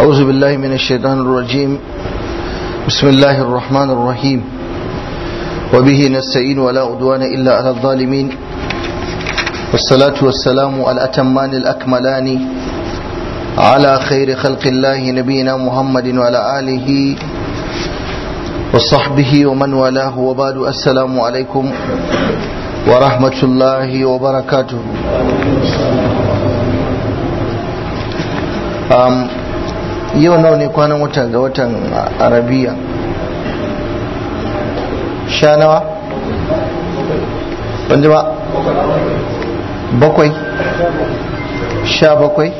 أعوذ بالله من الشيطان الرجيم بسم الله الرحمن الرحيم وبه نستعين ولا عدوان إلا على الظالمين والصلاة والسلام على الأتمان الأكملان على خير خلق الله نبينا محمد وعلى آله وصحبه ومن والاه وبعد السلام عليكم ورحمة الله وبركاته um, yau nawa ne kwanan watan ga watan arabiya sha nawa wanda ba bakwai sha bakwai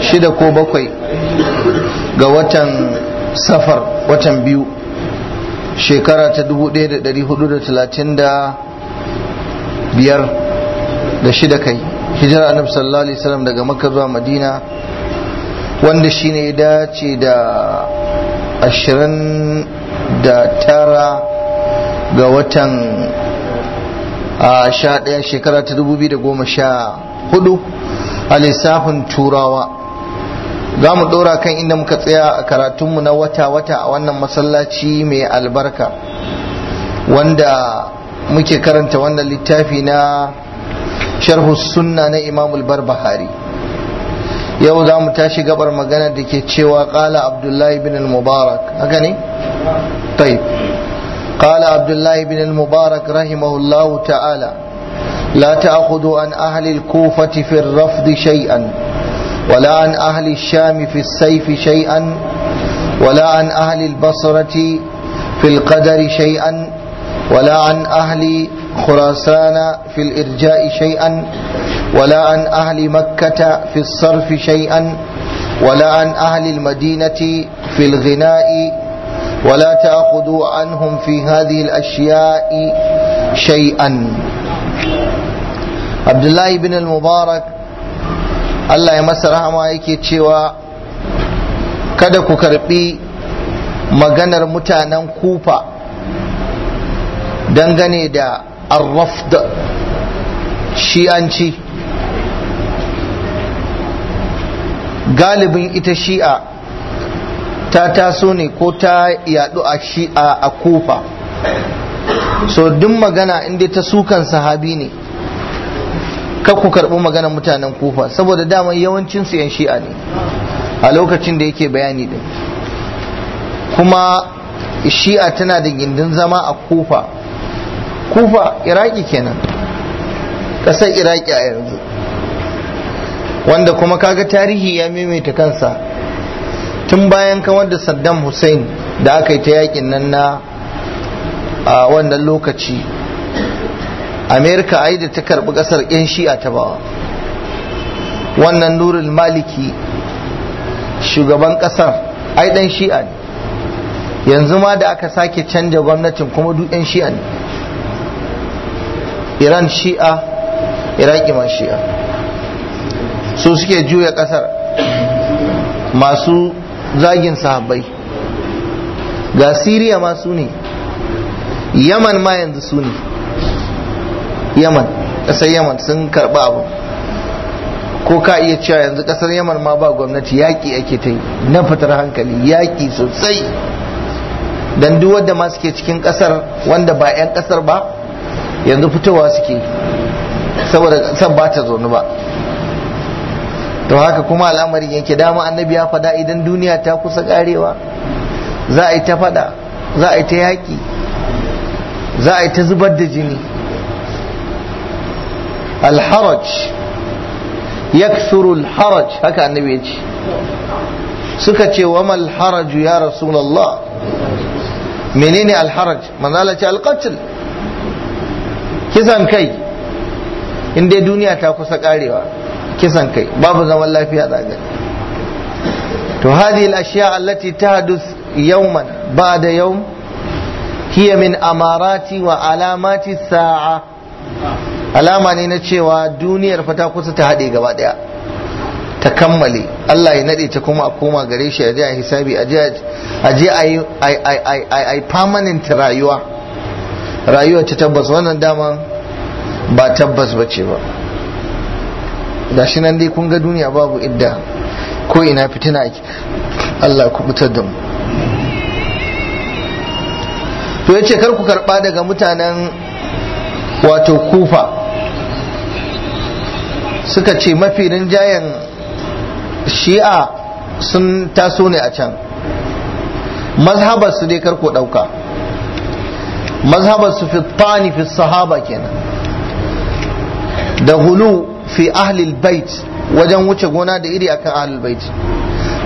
shida ko bakwai ga watan safar watan biyu shekara ta 1435 da shida kai hijira annabi sallallahu alaihi wasallam daga makka zuwa madina wanda shine ya dace da ashirin da tara ga watan a sha ɗaya shekara ta dubu biyu da goma sha hudu a lissafin turawa za mu ɗora kan inda muka tsaya a karatunmu na wata-wata a wannan masallaci mai albarka wanda muke karanta wannan littafi na sharhu sunna na imam al-barbahari yau za mu tashi gabar magana da ke cewa qala abdullahi bin al-mubarak haka ne طيب قال عبد الله بن المبارك رحمه الله تعالى لا تأخذ عن أهل الكوفة في الرفض شيئا ولا عن أهل الشام في السيف شيئا ولا عن أهل البصرة في القدر شيئا ولا عن أهل خراسان في الإرجاء شيئا ولا عن أهل مكة في الصرف شيئا ولا عن أهل المدينة في الغناء ولا تأخذوا عنهم في هذه الأشياء شيئا عبد الله بن المبارك Allah ya masa rahama yake cewa kada ku karbi maganar mutanen kufa dangane da arrafd shi'anci galibin ita shi'a ta taso ne ko ta yadu a shi'a a kufa so duk magana inda ta sukan sahabi ne kar ku karɓi maganar mutanen kufa saboda dama yawancinsu 'yan shi'a ne a lokacin da yake bayani din kuma shi'a tana da gindin zama a kufa kufa iraki kenan ƙasar iraki a yanzu wanda kuma kaga tarihi ya maimaita kansa tun bayan kawar da saddam hussein da aka yi ta yakin nan na a wannan lokaci amerika ai da ta karbi kasar yan shi'a ta bawa wannan nurul maliki shugaban kasar ai dan shi'a ne yanzu ma da aka sake canja gwamnatin kuma duk yan shi'a ne iran shi'a iraki man shi'a su suke juya kasar masu zagin sahabbai ga siriya ma su ne yaman ma yanzu su ne yaman ƙasar yaman sun karɓa abu ko ka iya cewa yanzu ƙasar yaman ma ba gwamnati yaƙi ake ta yi na fitar hankali yaƙi sosai don duk wadda ma suke cikin ƙasar wanda ba 'yan ƙasar ba yanzu fitowa suke saboda san ba ta zaune ba to haka kuma al'amarin yake dama annabi ya fada idan duniya ta kusa karewa za a yi ta fada za a yi ta yaki za a yi ta zubar da jini alharaj yaksuru alharaj haka annabi ya ce suka ce wa Alharaju ya rasulullah menene alharaj manzala ce alqatl kisan kai in dai duniya ta kusa karewa kisan kai babu zaman lafiya da gani to hadhihi al-ashya allati tahdus yawman ba'da yawm hiya min amarati wa alamati sa'a alama ne na cewa duniyar fa ta kusa ta haɗe gaba daya ta kammale Allah ya nade ta kuma a koma gare shi a je a hisabi a je a yi permanent rayuwa rayuwa ta tabbas wannan dama ba tabbas ba ce ba da shi nan dai kun ga duniya babu idda ko ina fitina ake Allah ku da mu to ya ce kar ku karba daga mutanen wato kufa suka ce mafi rinjayen shi'a sun taso ne a can mazhabar su dai karko ɗauka mazhabar su tani fi sahaba kenan da hulu fi ahlil bait wajen wuce gona da iri akan ahlil bait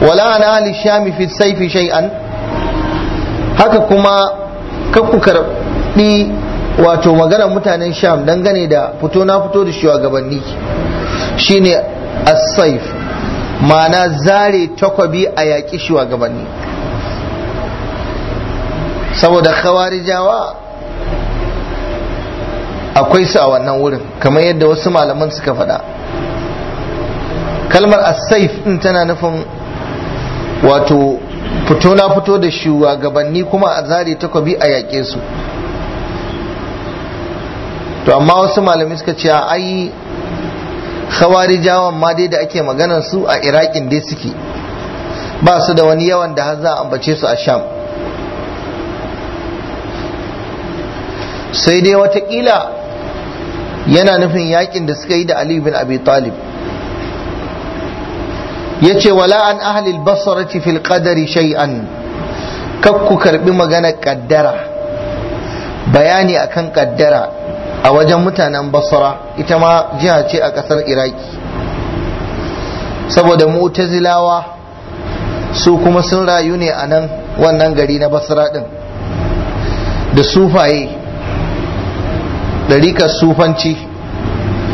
wala an ahli shami fi saifi shay'an haka kuma kakku karbi wato maganar mutanen sham dangane da fito na fito da shi gabanni shine as-saif ma'ana zare takwabi a yaƙi gabanni. saboda khawarijawa akwai su a wannan wurin kamar yadda wasu malaman suka faɗa kalmar asaif ɗin din tana nufin wato fito na fito da shugabanni kuma a zari takobi a yaƙe su to amma wasu malamai suka ce ai jawon ma dai da ake maganar su a iraƙin dai suke ba su da wani yawan da har za a ambace su a sham sai dai watakila yana nufin yakin da suka yi da Ali bin Abi Talib yace wala an ahli al-basrati fil qadari shay'an kakku ku karbi magana kaddara bayani akan kaddara a wajen mutanen basra ita ma jiha ce a kasar iraki saboda mu'tazilawa su kuma sun rayu ne a nan wannan gari na basra din da sufaye ɗarikar sufanci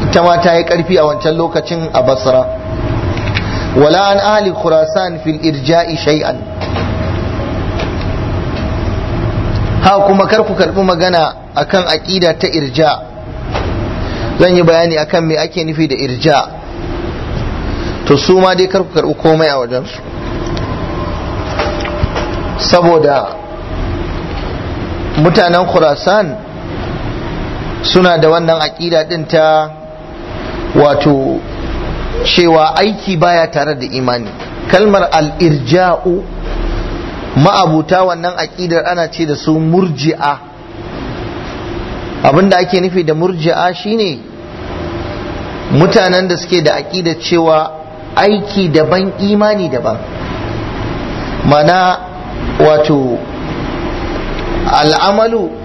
ita ma ya ƙarfi a wancan lokacin a basra wala an ahli khurasan fil irja'i shay'an ha kuma kar ku karɓi magana akan aƙida ta irja zan yi bayani akan me ake nufi da irja to su ma dai kar ku karɓi komai a wajensu saboda mutanen khurasan suna da wannan aƙida ɗin ta wato cewa aiki baya tare da imani kalmar al'irja'u ma'abuta wannan aƙidar ana ce da su murji'a abinda ake nufi da murji'a shine mutanen da suke da aƙidar cewa aiki daban imani daban mana wato al'amalu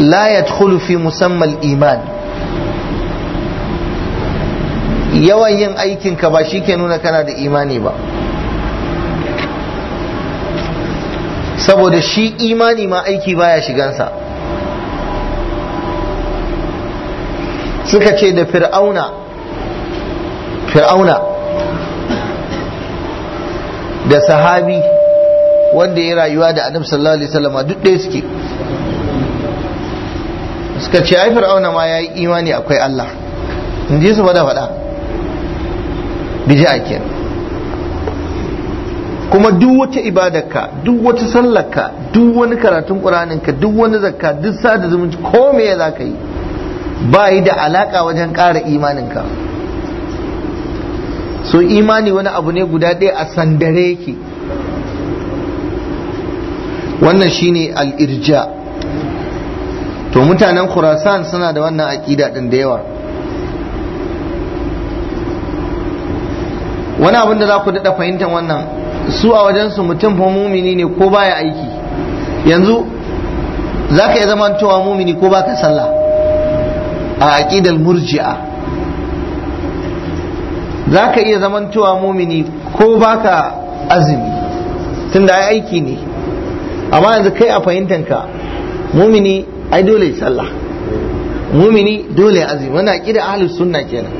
لا يدخل fi musammal iman yawan yin aikinka ba shi ke nuna kana da imani ba saboda shi imani ma aiki baya shigansa suka ce da fir'auna fir'auna da sahabi wanda ya rayuwa da Adam sallallahu alaihi wasallam duk ɗaya suke suka ce ai fir'auna ma yayi imani akwai Allah in ji su fada fada a kenan kuma duk wata ibadarka duk wata sallarka duk wani karatun ƙuraninka duk wani zakka duk sa da zumunci ko me za ka yi ba yi da alaka wajen ƙara imaninka so imani wani abu ne guda ɗaya a sandare yake wannan shine al-irja' to mutanen khurasan suna da wannan aƙida ɗin da yawa wani abin da za ku daɗa fahimtar wannan su a wajensu mutum fa mumini ne ko baya aiki yanzu za ka iya zama cewa mumini ko baka sallah a aƙidar murji'a za ka iya zaman cewa mumini ko baka azumi tunda ai aiki ne amma yanzu kai a fahimtanka mumini ai dole sallah mumini dole azumi wannan da ahlus sunna kenan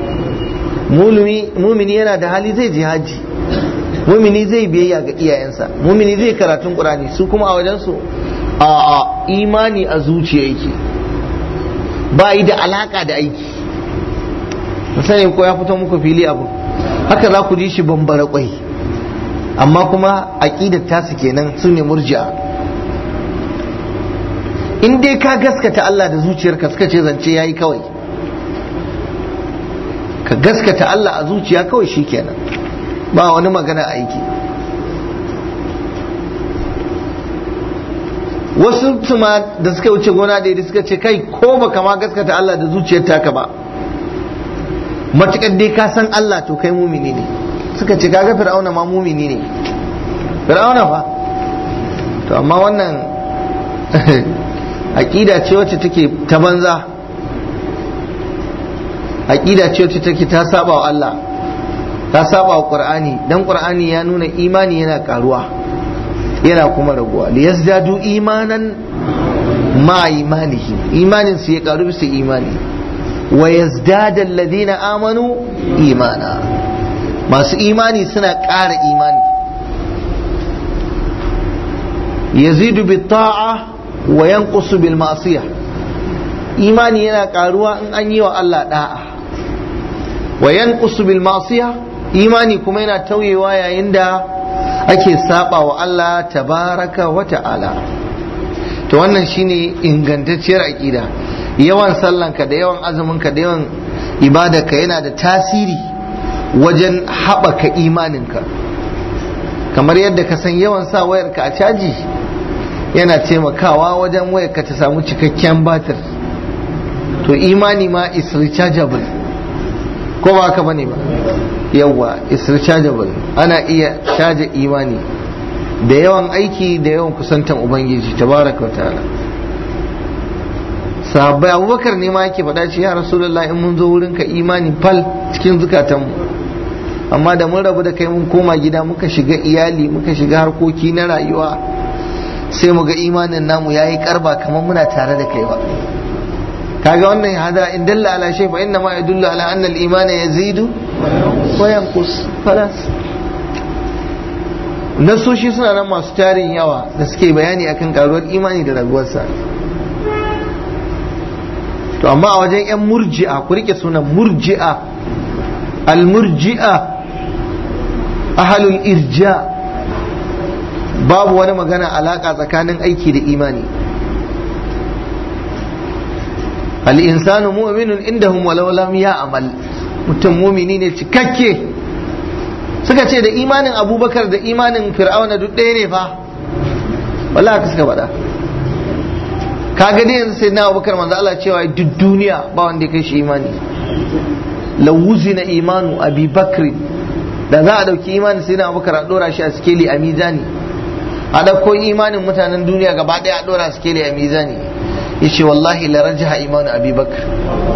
mumini yana da hali zai je haji mumini zai biyayya ga iyayensa mumini zai karatun qur'ani su kuma a wajen su a imani a zuciya yake ba yi da alaka da aiki sani ko ya fito muku fili abu haka za ku ji shi bambara kwai amma kuma aqidar tasu kenan su ne murji'a in dai ka gaskata Allah da zuciyarka suka ce zance yayi kawai ka gaskata Allah a zuciya kawai shikenan ba wani magana aiki wasu tuma da suka wuce gona da yadda suka ce kai ko ba ma gaskata Allah da zuciyar taka ba Matuƙar dai ka san Allah to kai mumini ne suka ce kaga fir'auna ma mumini ne fir'auna fa to amma wannan aƙida ce wacce take ta banza aƙida ce wacce take ta saba wa Allah ta saba wa Qur'ani dan Qur'ani ya nuna imani yana karuwa yana kuma raguwa liyazdadu imanan ma imanihi imanin su ya karu bisa imani wa yazdada alladhina amanu imana masu imani suna ƙara imani yazidu bi ta'a wa yanqusu bil ma'siyah imani yana karuwa in an yi wa Allah da'a wa yanqusu bil ma'siyah imani kuma yana tauyewa yayin da ake saba wa Allah tabaraka wa ta'ala to wannan shine ingantacciyar aqida yawan sallanka da yawan azuminka da yawan ibadarka yana da tasiri wajen haɓaka imaninka kamar yadda ka san yawan sa wayarka a caji yana taimakawa wajen waya ka ta samu cikakken batir to imani ma is rechargeable ko ba ka bane ba yawa is rechargeable ana iya caja imani da yawan aiki da yawan kusantan ubangiji tabaraka ta'ala sahabbai abubakar ne ma yake faɗa ce ya rasulullah in mun zo wurin ka imani fal cikin zukatan mu amma da mun rabu da kai mun koma gida muka shiga iyali muka shiga harkoki na rayuwa sai mu ga imanin namu yayi karba kamar muna tare da kai ba kaga wannan hada in dalla ala shay fa inna ma yadullu ala anna al iman yazidu wa yanqus falas nasoshi suna nan masu tarin yawa da suke bayani akan karuwar imani da raguwarsa to amma a wajen yan murji'a ku rike sunan murji'a al murji'a ahlul irja' babu wani magana alaƙa tsakanin aiki da imani al'insanu mu'minun indahum walau lam ya amal mutum mumini ne cikakke suka ce da imanin abubakar da imanin fir'auna duk ɗaya ne fa wallahi ka suka faɗa ka ga yanzu yanzu na abubakar manzo Allah cewa duk duniya ba wanda ya kai shi imani na imanu abi da za a dauki imanin na abubakar a dora shi a sikeli a mizani a ɗauko imanin mutanen duniya gaba ɗaya a ɗora su kele a mizani yace wallahi la rajaha imanu abubakar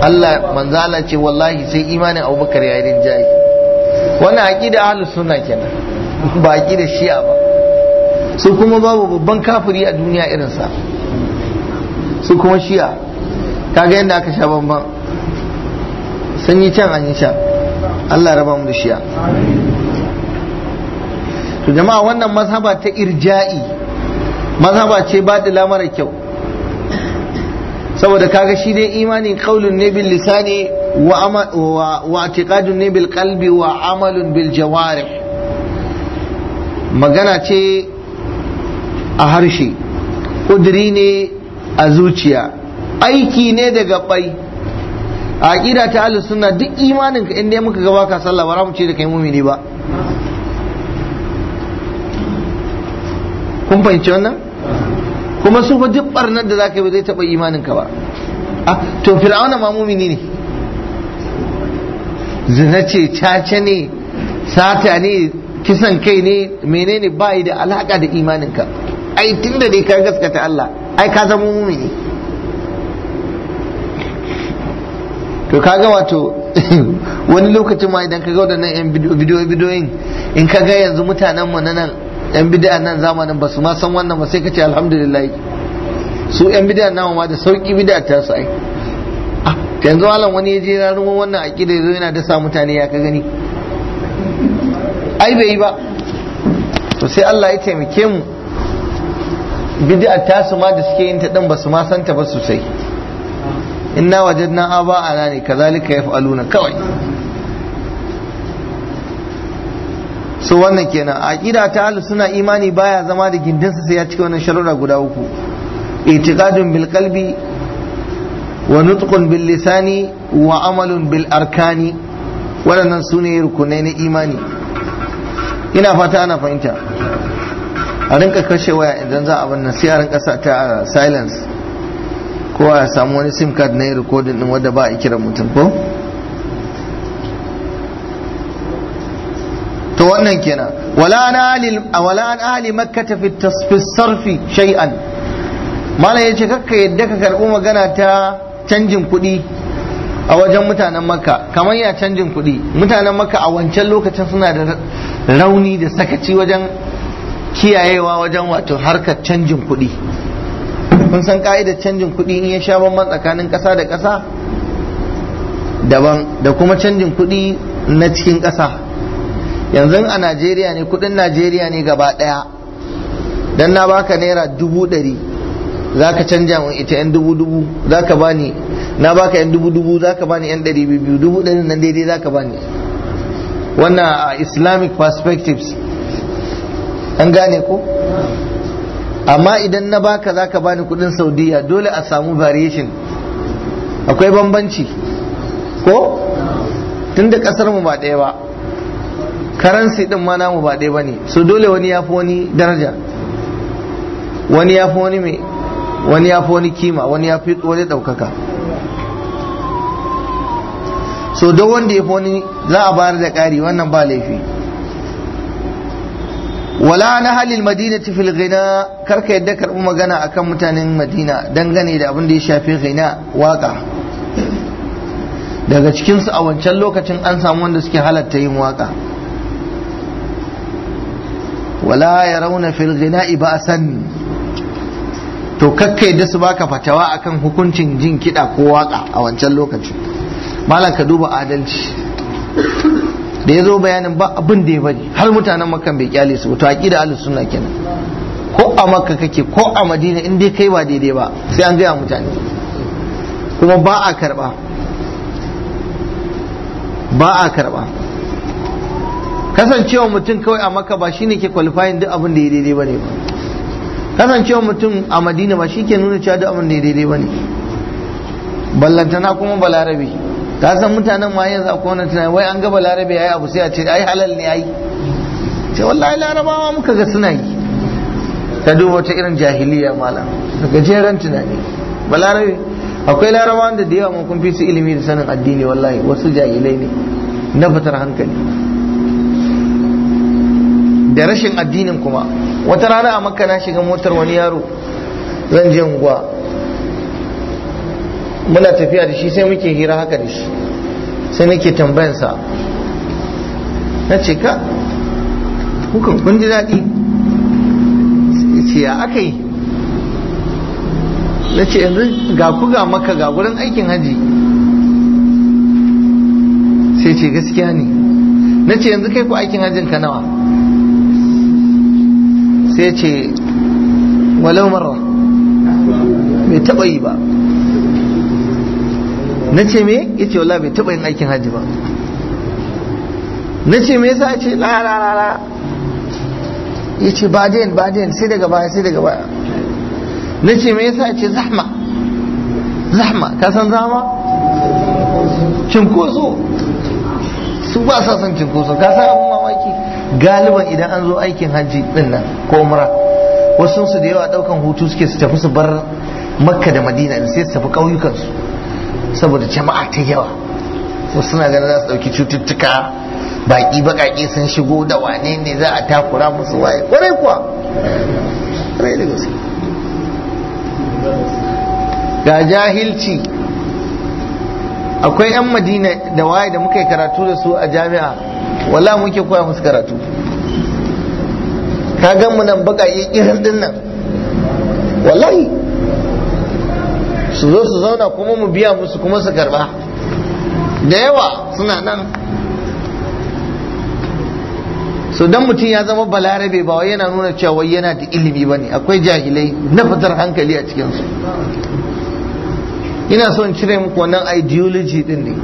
Allah manzala ce wallahi sai imanin abubakar ya yi rinjaye wannan aqida ahlus sunna kenan ba aqida shi'a ba su kuma babu babban kafiri a duniya irinsa su kuma shi'a kaga yadda aka sha bamban sun yi can an yi can Allah raba mu da shi'a to jama'a wannan mazhaba ta irja'i mazhaba ce ba da mara kyau saboda kaga shi dai imani ƙaunin ne bil lisani wa wa ne bil ƙalbi wa amalun bil jawarih magana ce a harshe ƙudiri ne a zuciya aiki ne da gabai a ƙida ta suna sunna duk imaninka in dai muka gaba ka sallah ba za mu ce da kai mumini ba kun fahimci wannan kuma su fa duk barnar da zaka yi zai taba imanin ka ba to fir'auna ma mumini ne zina ce caca ne sata ne kisan kai ne menene bai da alaka da imanin ka ai tunda dai ka gaskata Allah ai ka zama mumini to kaga wato wani lokacin ma idan ka ga wadannan yan bidiyoyin in ka ga yanzu mutanen mu nan yan bidiyan nan zamanin ba su ma san wannan ba sai ka ce alhamdulillah su yan bidiyan nan ma da sauki bidiyar ta su ai yanzu malam wani ya je ya rumo wannan aqida yazo yana dasa mutane ya ka gani ai bai yi ba to sai Allah ya taimake mu bidiyar ta su ma da suke yin ta din ba su ma san ta ba sosai inna wajadna aba ana ne kazalika yaf'aluna kawai so wannan kenan a aqida ta halu suna imani baya zama da gindinsa sai ya cika wannan sharura guda uku i'tiqadun bil qalbi wa nutqun bil lisani wa amalun bil arkani waɗannan su ne rukunai na imani ina fata ana fahimta a rinka kashe waya idan za a nan sai a rinka sa ta silence ko a samu wani sim card na yi recording din wanda ba a kiran mutum ko to wannan kenan wala an ali wala an ali makkah fi sarfi shay'an mala yace kakka yadda ka karbi magana ta canjin kuɗi a wajen mutanen makka kamar ya canjin kuɗi mutanen makka a wancan lokacin suna da rauni da sakaci wajen kiyayewa wajen wato harkar canjin kuɗi kun san ka'idar canjin kuɗi in ya sha bamban tsakanin kasa da kasa daban da kuma canjin kuɗi na cikin kasa. yanzu a najeriya ne kudin najeriya ne gaba daya dan na baka naira dubu dari za ka canja min ita yan dubu dubu za ka bani na baka yan dubu dubu za ka bani yan dari biyu dubu dari nan daidai za ka bani wannan a islamic perspectives an gane ko amma idan na baka za ka bani kudin saudiya dole a samu variation akwai bambanci ko tun da kasar mu ba ɗaya ba karansi din ma namu ba ɗaya bane so dole wani ya wani daraja wani ya wani mai wani ya wani kima wani ya wani ɗaukaka so duk wanda ya wani za a bayar da ƙari wannan ba laifi wala na halin madina fil ghina karka yadda karbi magana akan mutanen madina dangane da abin da ya shafi ghina waka daga cikinsu a wancan lokacin an samu wanda suke halatta yin waka wala ya rauna fil ghina'i ba'san to kakkai da su baka fatawa akan hukuncin jin kiɗa ko waka a wancan lokaci malam ka duba adalci da ya zo bayanin ba abin da ya bari har mutanen makan bai kyale su to aqida ahlus sunna kenan ko a makka kake ko a madina in dai kai ba daidai ba sai an gaya mutane kuma ba a karba ba a karba kasancewa mutum kawai a maka ba shine ke kwalifayin duk abin da ya daidai bane ba kasancewa mutum a madina ba shi ke nuna cewa duk abin da ya daidai bane ballantana kuma balarabe ka san mutanen ma yanzu akwai wani tunani wai an ga balarabe yayi abu sai a ce ai halal ne ai ce wallahi larabawa muka ga suna yi ta duba wata irin jahiliya malam gajeren tunani balarabe akwai larabawan da da yawa mun kun fi su ilimi da sanin addini wallahi wasu jahilai ne na fitar hankali da rashin addinin kuma wata rana a makka na shiga motar wani yaro zan je unguwa muna tafiya da shi sai muke hira haka da shi sai nake tambayansa na ce ka Kuka kun ji daɗi ce ya aka yi na ce yanzu ga ku ga maka ga gurin aikin haji sai ce gaskiya ne na ce yanzu kai ku aikin hajjin ka nawa sai ce walau marra bai taba yi ba na ce me ya ce wala bai taba yin aikin hajji ba na ce me yasa ce la ya ce ba den ba den sai daga baya sai daga baya na ce me yasa ce zahma zahma ka san zama cinkoso su ba sa son cinkoso ka san galiban idan an zo aikin hajji din nan ko umra wasu su da yawa daukan hutu suke su tafi su bar makka da madina sai su tafi ƙauyukansu saboda jama'a ta yawa wasu suna ganin za su ɗauki cututtuka baki baƙaƙe sun shigo da wane ne za a takura musu waye kwarai kuwa ga jahilci akwai 'yan madina da waye da muka yi karatu da su a jami'a wala muke koya musu karatu ka gan mu nan baƙaƙe irin din nan wallahi su zo su zauna kuma mu biya musu kuma su karba da yawa suna nan so dan mutum ya zama balarabe ba wai yana nuna cewa wai yana da ilimi ba ne akwai jahilai na fitar hankali a cikinsu ina son cire muku wannan ideology din ne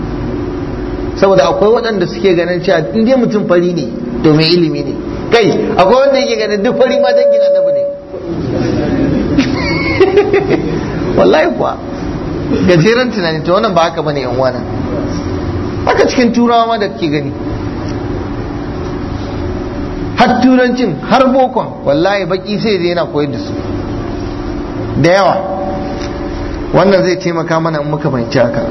saboda akwai waɗanda suke ganin cewa in dai mutum fari ne to mai ilimi ne kai akwai wanda yake ganin duk fari ma dangin annabi ne wallahi kuwa gajeren tunani to wannan ba haka bane yan uwana haka cikin turawa ma da kake gani har turancin har bokon wallahi baki sai zai yana koyar da su da yawa wannan zai taimaka mana in muka fahimci haka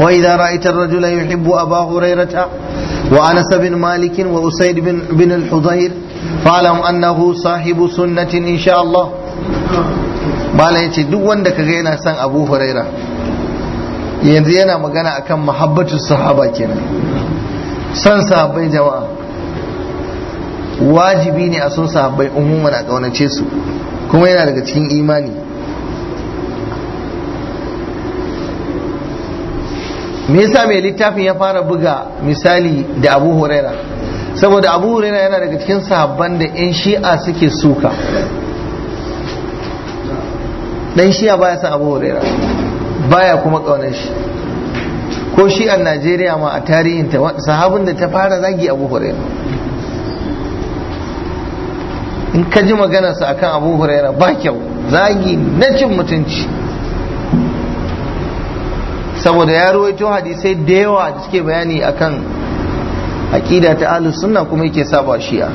وإذا رأيت الرجل يحب أبا هريرة وأنس بن مالك وأسيد بن, بن الحضير فاعلم أنه صاحب سنة إن شاء الله bala ya ce duk wanda ka kaga yana son abu huraira yanzu yana magana akan mahabbatu sahaba kenan son sahabbai jama'a wajibi ne a son sahabbai umuman a kaunace su kuma yana daga cikin imani me yasa mai littafin ya fara buga misali da abu huraira saboda abu huraira yana daga cikin sahabban da 'yan shi'a suke suka dan shi'a baya san abu huraira baya kuma kaunar shi ko shi'an najeriya ma a tarihinta sahabin da ta fara zagi abu huraira in ka ji maganarsa akan abu huraira ba kyau zagi na cin mutunci saboda ya ruwaito hadisai da yawa da suke bayani akan aqida ta ahlus sunna kuma yake saba shi'a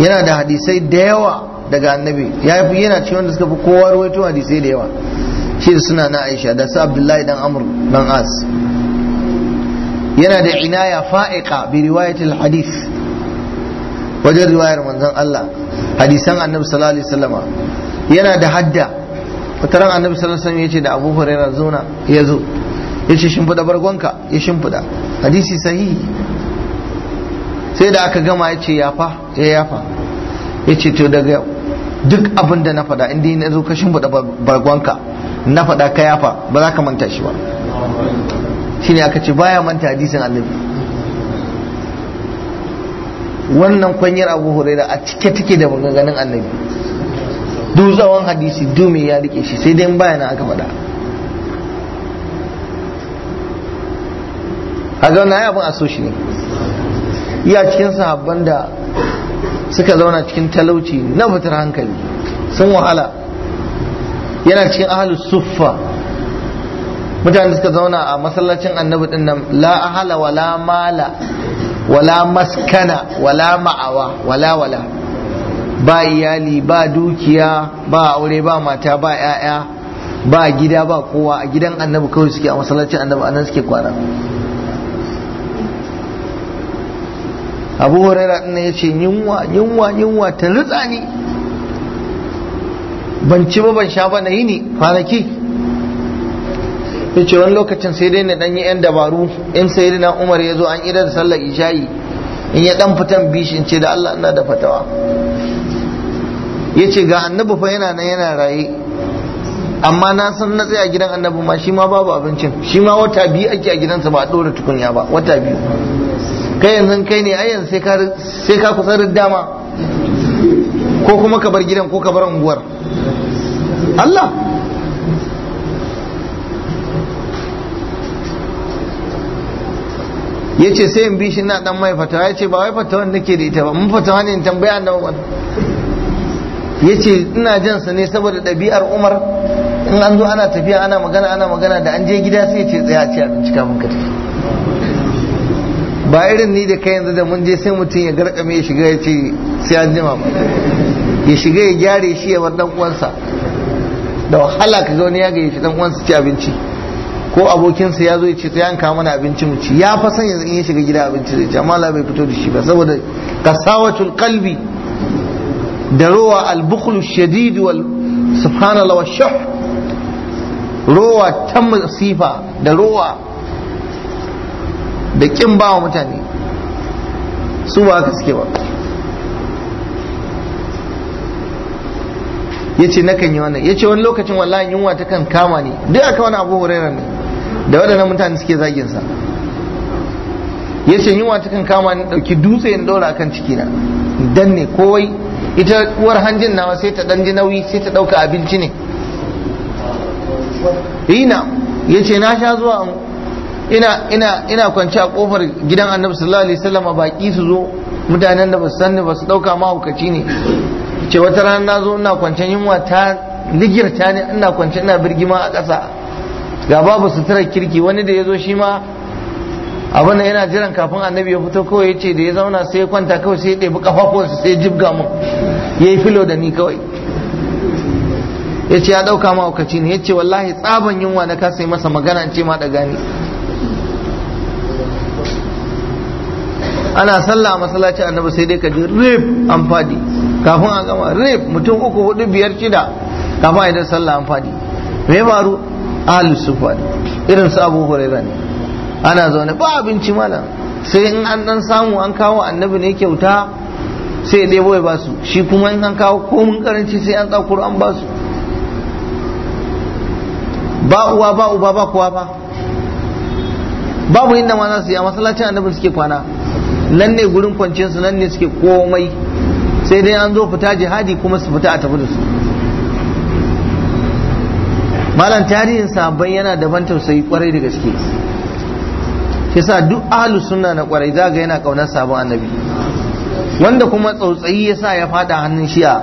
yana da hadisai da yawa daga annabi ya fi yana cikin wanda suka fi kowa ruwaito hadisai da yawa shi suna na aisha da su abdullahi dan amur dan as yana da inaya fa'iqa bi riwayatil hadith wajen riwayar manzon Allah hadisan annabi sallallahu alaihi wasallama yana da hadda wataran annabi sallallahu alaihi wasallam yace da Abu Hurairah zauna ya zo yace shimfida bargonka ya shimfida hadisi sahihi sai da aka gama yace yafa ya yafa yace to daga yau duk abin da na faɗa inda na zo ka shimfida bargonka na faɗa ka yafa ba za ka manta shi ba shine aka ce baya manta hadisin annabi wannan kwanyar abu huraira a cike take da maganganun annabi duk tsawon hadisi duk dume ya rike shi sai dai bayana aka faɗa a zauna ya abin a so shi ne iya cikin sahabban da suka zauna cikin talauci na fitar hankali sun wahala yana cikin ahalus suffa mutane suka zauna a masallacin annabi din nan la ahala wa la mala wala maskana wala ma'awa wala wala ba iyali ba dukiya ba aure ba mata ba 'ya'ya ba gida ba kowa a gidan annabi kawai suke a masallacin annabi annan suke kwana abu huraira ɗin ya ce yunwa yunwa yunwa ta rutsa ban ci ba ban sha ba na yi ni kwanaki ya ce wani lokacin sai dai na danyi 'yan dabaru in sai na umar ya zo an da sallar isha'i in ya ɗan fitan bishin ce da allah ina da fatawa ya ce ga annabi fa yana nan yana raye amma na san na tsaye a gidan annabi ma shi ma babu abincin shi ma wata biyu ake a gidansa ba a ɗora tukunya ba wata biyu kai yanzu kai ne ai yanzu sai ka kusa da dama ko kuma ka bar gidan ko ka bar unguwar Allah ya ce sai in bi shi na dan mai fatawa ya ce ba wai fatawan ke da ita ba mun fatawa ne in tambaya na wani ya ce ina jan sa ne saboda ɗabi'ar umar in an zo ana tafiya ana magana ana magana da an je gida sai ce tsaya ce abinci kafin ka tafi ba irin ni da kai yanzu da mun je sai mutum ya garkame ya shiga ya ce sai an jima ba ya shiga ya gyare shi ya bar dan uwansa da wahala ka ga wani ya ga ya shi dan uwansa ci abinci ko abokinsa ya zo ya ce sai an mana abinci mu ci ya fa san yanzu in ya shiga gida abinci zai ci amma Allah bai fito da shi ba saboda kasawatul qalbi da rowa al bukhl shadid wal subhanallahi wa shuh rowa ta masifa da rowa da kin ba wa mutane su ba ka suke ba ya nakan yi wannan ya wani lokacin wallahi yunwa ta kan kama ni duk aka wani abu hurairar ne da waɗannan mutane suke zagin sa ya ce yunwa takan kama ni ɗauki dutse in ɗora ciki cikina dan ne kowai ita uwar hanjin nawa sai ta ɗan ji nauyi sai ta ɗauka abinci ne ina ya ce na sha zuwa ina ina ina kwance a kofar gidan annabi sallallahu alaihi wasallam baki su zo mutanen da ba su sanni ba su ɗauka mahaukaci ne ce wata rana na zo ina kwance yunwa ta ligirta ne ina kwance ina birgima a ƙasa ga babu suturar kirki wani da ya zo shi ma abin da yana jiran kafin annabi ya fito kawai ya ce da ya zauna sai ya kwanta kawai sai ya ɗebi ƙafafuwansa sai ya jibga mu ya yi filo da ni kawai ya ce ya ɗauka mahaukaci ne ya ce wallahi tsaban yunwa na kasa yi masa magana ce ma da gani ana sallah a masallaci annabi sai dai ka ji rip an fadi kafin a gama rip mutum uku hudu biyar shida kafin a don sallah an fadi me faru ahli sufa irin su abu huraira ne ana zaune ba abinci malam sai in an dan samu an kawo annabi ne kyauta sai ya ɗebo ya ba su shi kuma in an kawo komin karanci sai an tsakuru an ba su ba uwa ba uba ba kuwa ba babu inda ma za su yi a masallacin annabi suke kwana nan ne gurin kwanciyarsu nan ne suke komai sai dai an zo fita jihadi kuma su fita a tafi da su malam tarihin sahabbai yana daban tausayi kwarai da gaske sa duk ahalu suna na kwarai za ga yana kaunar sabon annabi wanda kuma tsautsayi sa ya fada hannun shi'a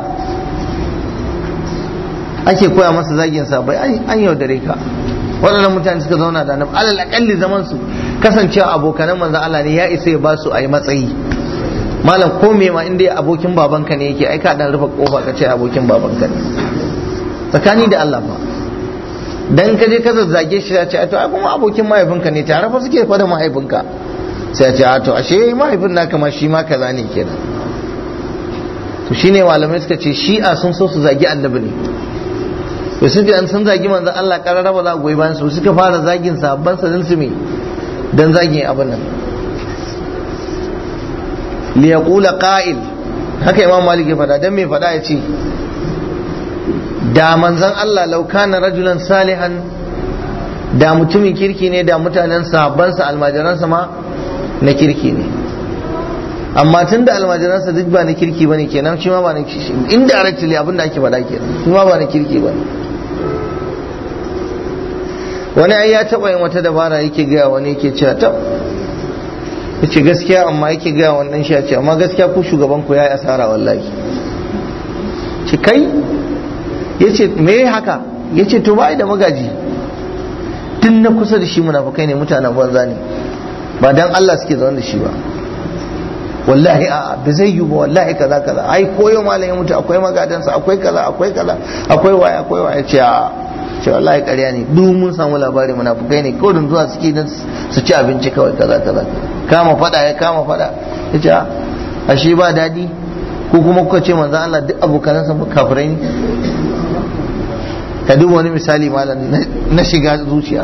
ake koya masa zagin sabai an yau yaudare ka waɗannan mutane suka zauna da annabi alal akalli zaman su kasancewa abokanan manzo Allah ne ya isa ya ba su ayi matsayi malam ko me ma inda abokin babanka ne yake aika dan rufa kofa ka ce abokin babanka ne tsakani da Allah ba dan ka je ka zazzage shi ya ce to ai kuma abokin mahaifinka ne tare fa suke fada mahaifinka sai ya ce a to ashe mahaifin naka ma shi ma kaza ne kenan to shine malamai suka ce shi'a sun so su zagi annabi ne to su an san zagi manzon Allah karara ba za a goyi bayan su suka fara zagin sabban sa dan su me dan zagin abin nan liyaqula qa'il haka imam malik ya fada dan me fada ya ce da manzan Allah laukana rajulan salihan da mutumin kirki ne da mutanen sabansa almajiransa ma na kirki ne amma tun da almajiransa duk ba na kirki ba ne kenan nan ma ba na kirki inda aratili abin da ake faɗa kenan shi ma ba na kirki ba ne wani ai ya taɓa yin wata dabara yake gaya wani yake cewa ta yace gaskiya amma yake gaya wannan shi ce amma gaskiya ku shugaban ku yi asara wallahi ce kai ce me haka ya ce to bai da magaji tun na kusa da shi munafukai ne mutanen banza ne ba dan Allah suke zaune da shi ba wallahi a ba zai yi ba wallahi kaza kaza ai koyo malam ya mutu akwai magadansa akwai kaza akwai kaza akwai waya akwai waya ce a ce wallahi ƙarya ne duk mun samu labari munafukai ne kodin zuwa suke nan su ci abinci kawai kaza kaza kama fada ya kama fada ya ce a, shi ba dadi ko kuma kuka ce manzo Allah duk abokanansa kafirai ne ka duba wani misali malam na shiga zuciya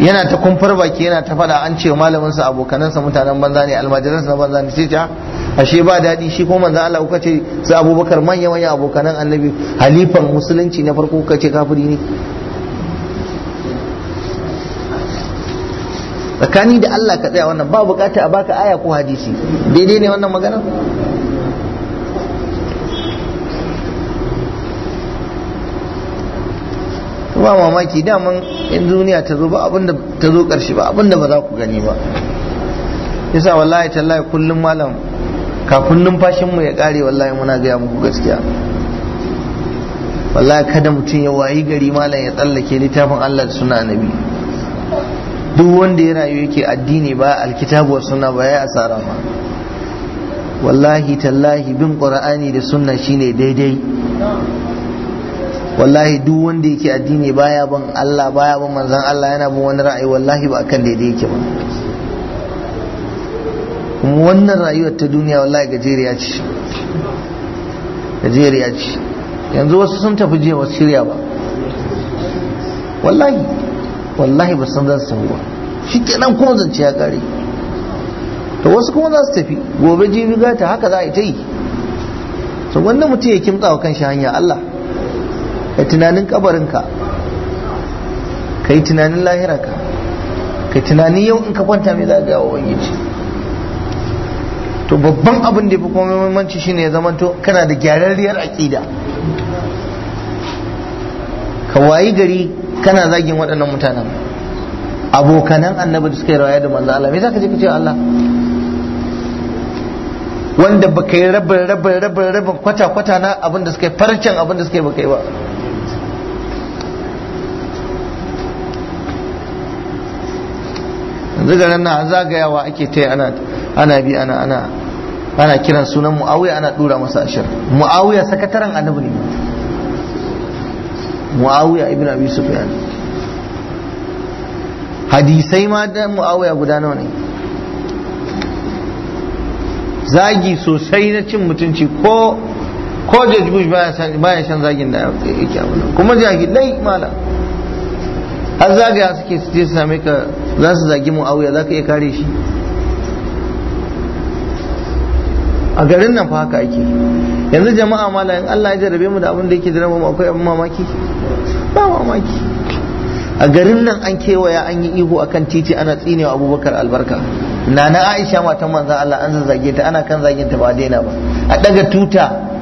yana ta kumfar baki yana ta faɗa an ce malaminsa abokanansa mutanen banza ne almajiransa na banza ne sai ta ah, ashe ba daɗi shi ko manzo Allah kuka ce su abubakar manya manya abokanan annabi halifan musulunci na farko kuka ce kafiri ne tsakani da Allah ka tsaya wannan ba bukata a baka aya ko hadisi daidai ne wannan magana ba mamaki daman in duniya ta zo ba abinda ta zo karshe ba abinda ba za ku gani ba yasa wallahi tallahi kullum malam kafin numfashin mu ya kare wallahi muna gaya muku gaskiya wallahi kada mutum ya wayi gari malam ya tsallake littafin Allah da suna nabi duk wanda ya rayu yake addini ba alkitabu wa sunna ba ya asara ma wallahi tallahi bin qur'ani da sunna shine daidai wallahi duk wanda yake addini baya ban Allah baya ban manzon Allah yana bin wani ra'ayi wallahi ba kan daidai yake ba wannan rayuwar ta duniya wallahi gajeriya ce gajeriya ce yanzu wasu sun tafi jiya wasu shirya ba wallahi wallahi ba san zasu ba shi kenan kuma zance ya kare to wasu kuma za su tafi gobe jibi ta haka za a yi ta yi To wanda mutum ya kimtsa wa kanshi hanya Allah ka tunanin kabarinka ka yi tunanin lahirarka ka tunanin yau in ka kwanta mai za ga yawa ubangiji to babban abin da ya fi kuma muhimmanci shine ya zamanto kana da gyararriyar aƙida ka wayi gari kana zagin waɗannan mutanen abokanan annabi da suka yi rawaya da manzo Allah me zaka je ka ce Allah wanda baka yi rabin rabin rabin rabin kwata kwata na abin da suka yi farcen abin da suka yi baka yi ba nan na zagayawa ake ta ana ana bi ana ana ana kiran sunan muawiya ana dura masa ashir muawiya sakataren annabi ne muawiya ibn abi sufyan hadisai ma da muawiya guda nawa ne zagi sosai na cin mutunci ko ko George Bush baya shan zagin da yake abu kuma zagi dai malam har zagaya suke su je su same ka za su zagi mu'awiya za ka iya kare shi a garin nan fa haka ake yanzu jama'a malayin in Allah ya jarabe mu da abin da yake jira mu akwai abin mamaki ba mamaki a garin nan an kewaya an yi ihu akan titi ana tsinewa abubakar albarka nana aisha matan manzan Allah an zazzage ta ana kan zagin ta ba daina ba a ɗaga tuta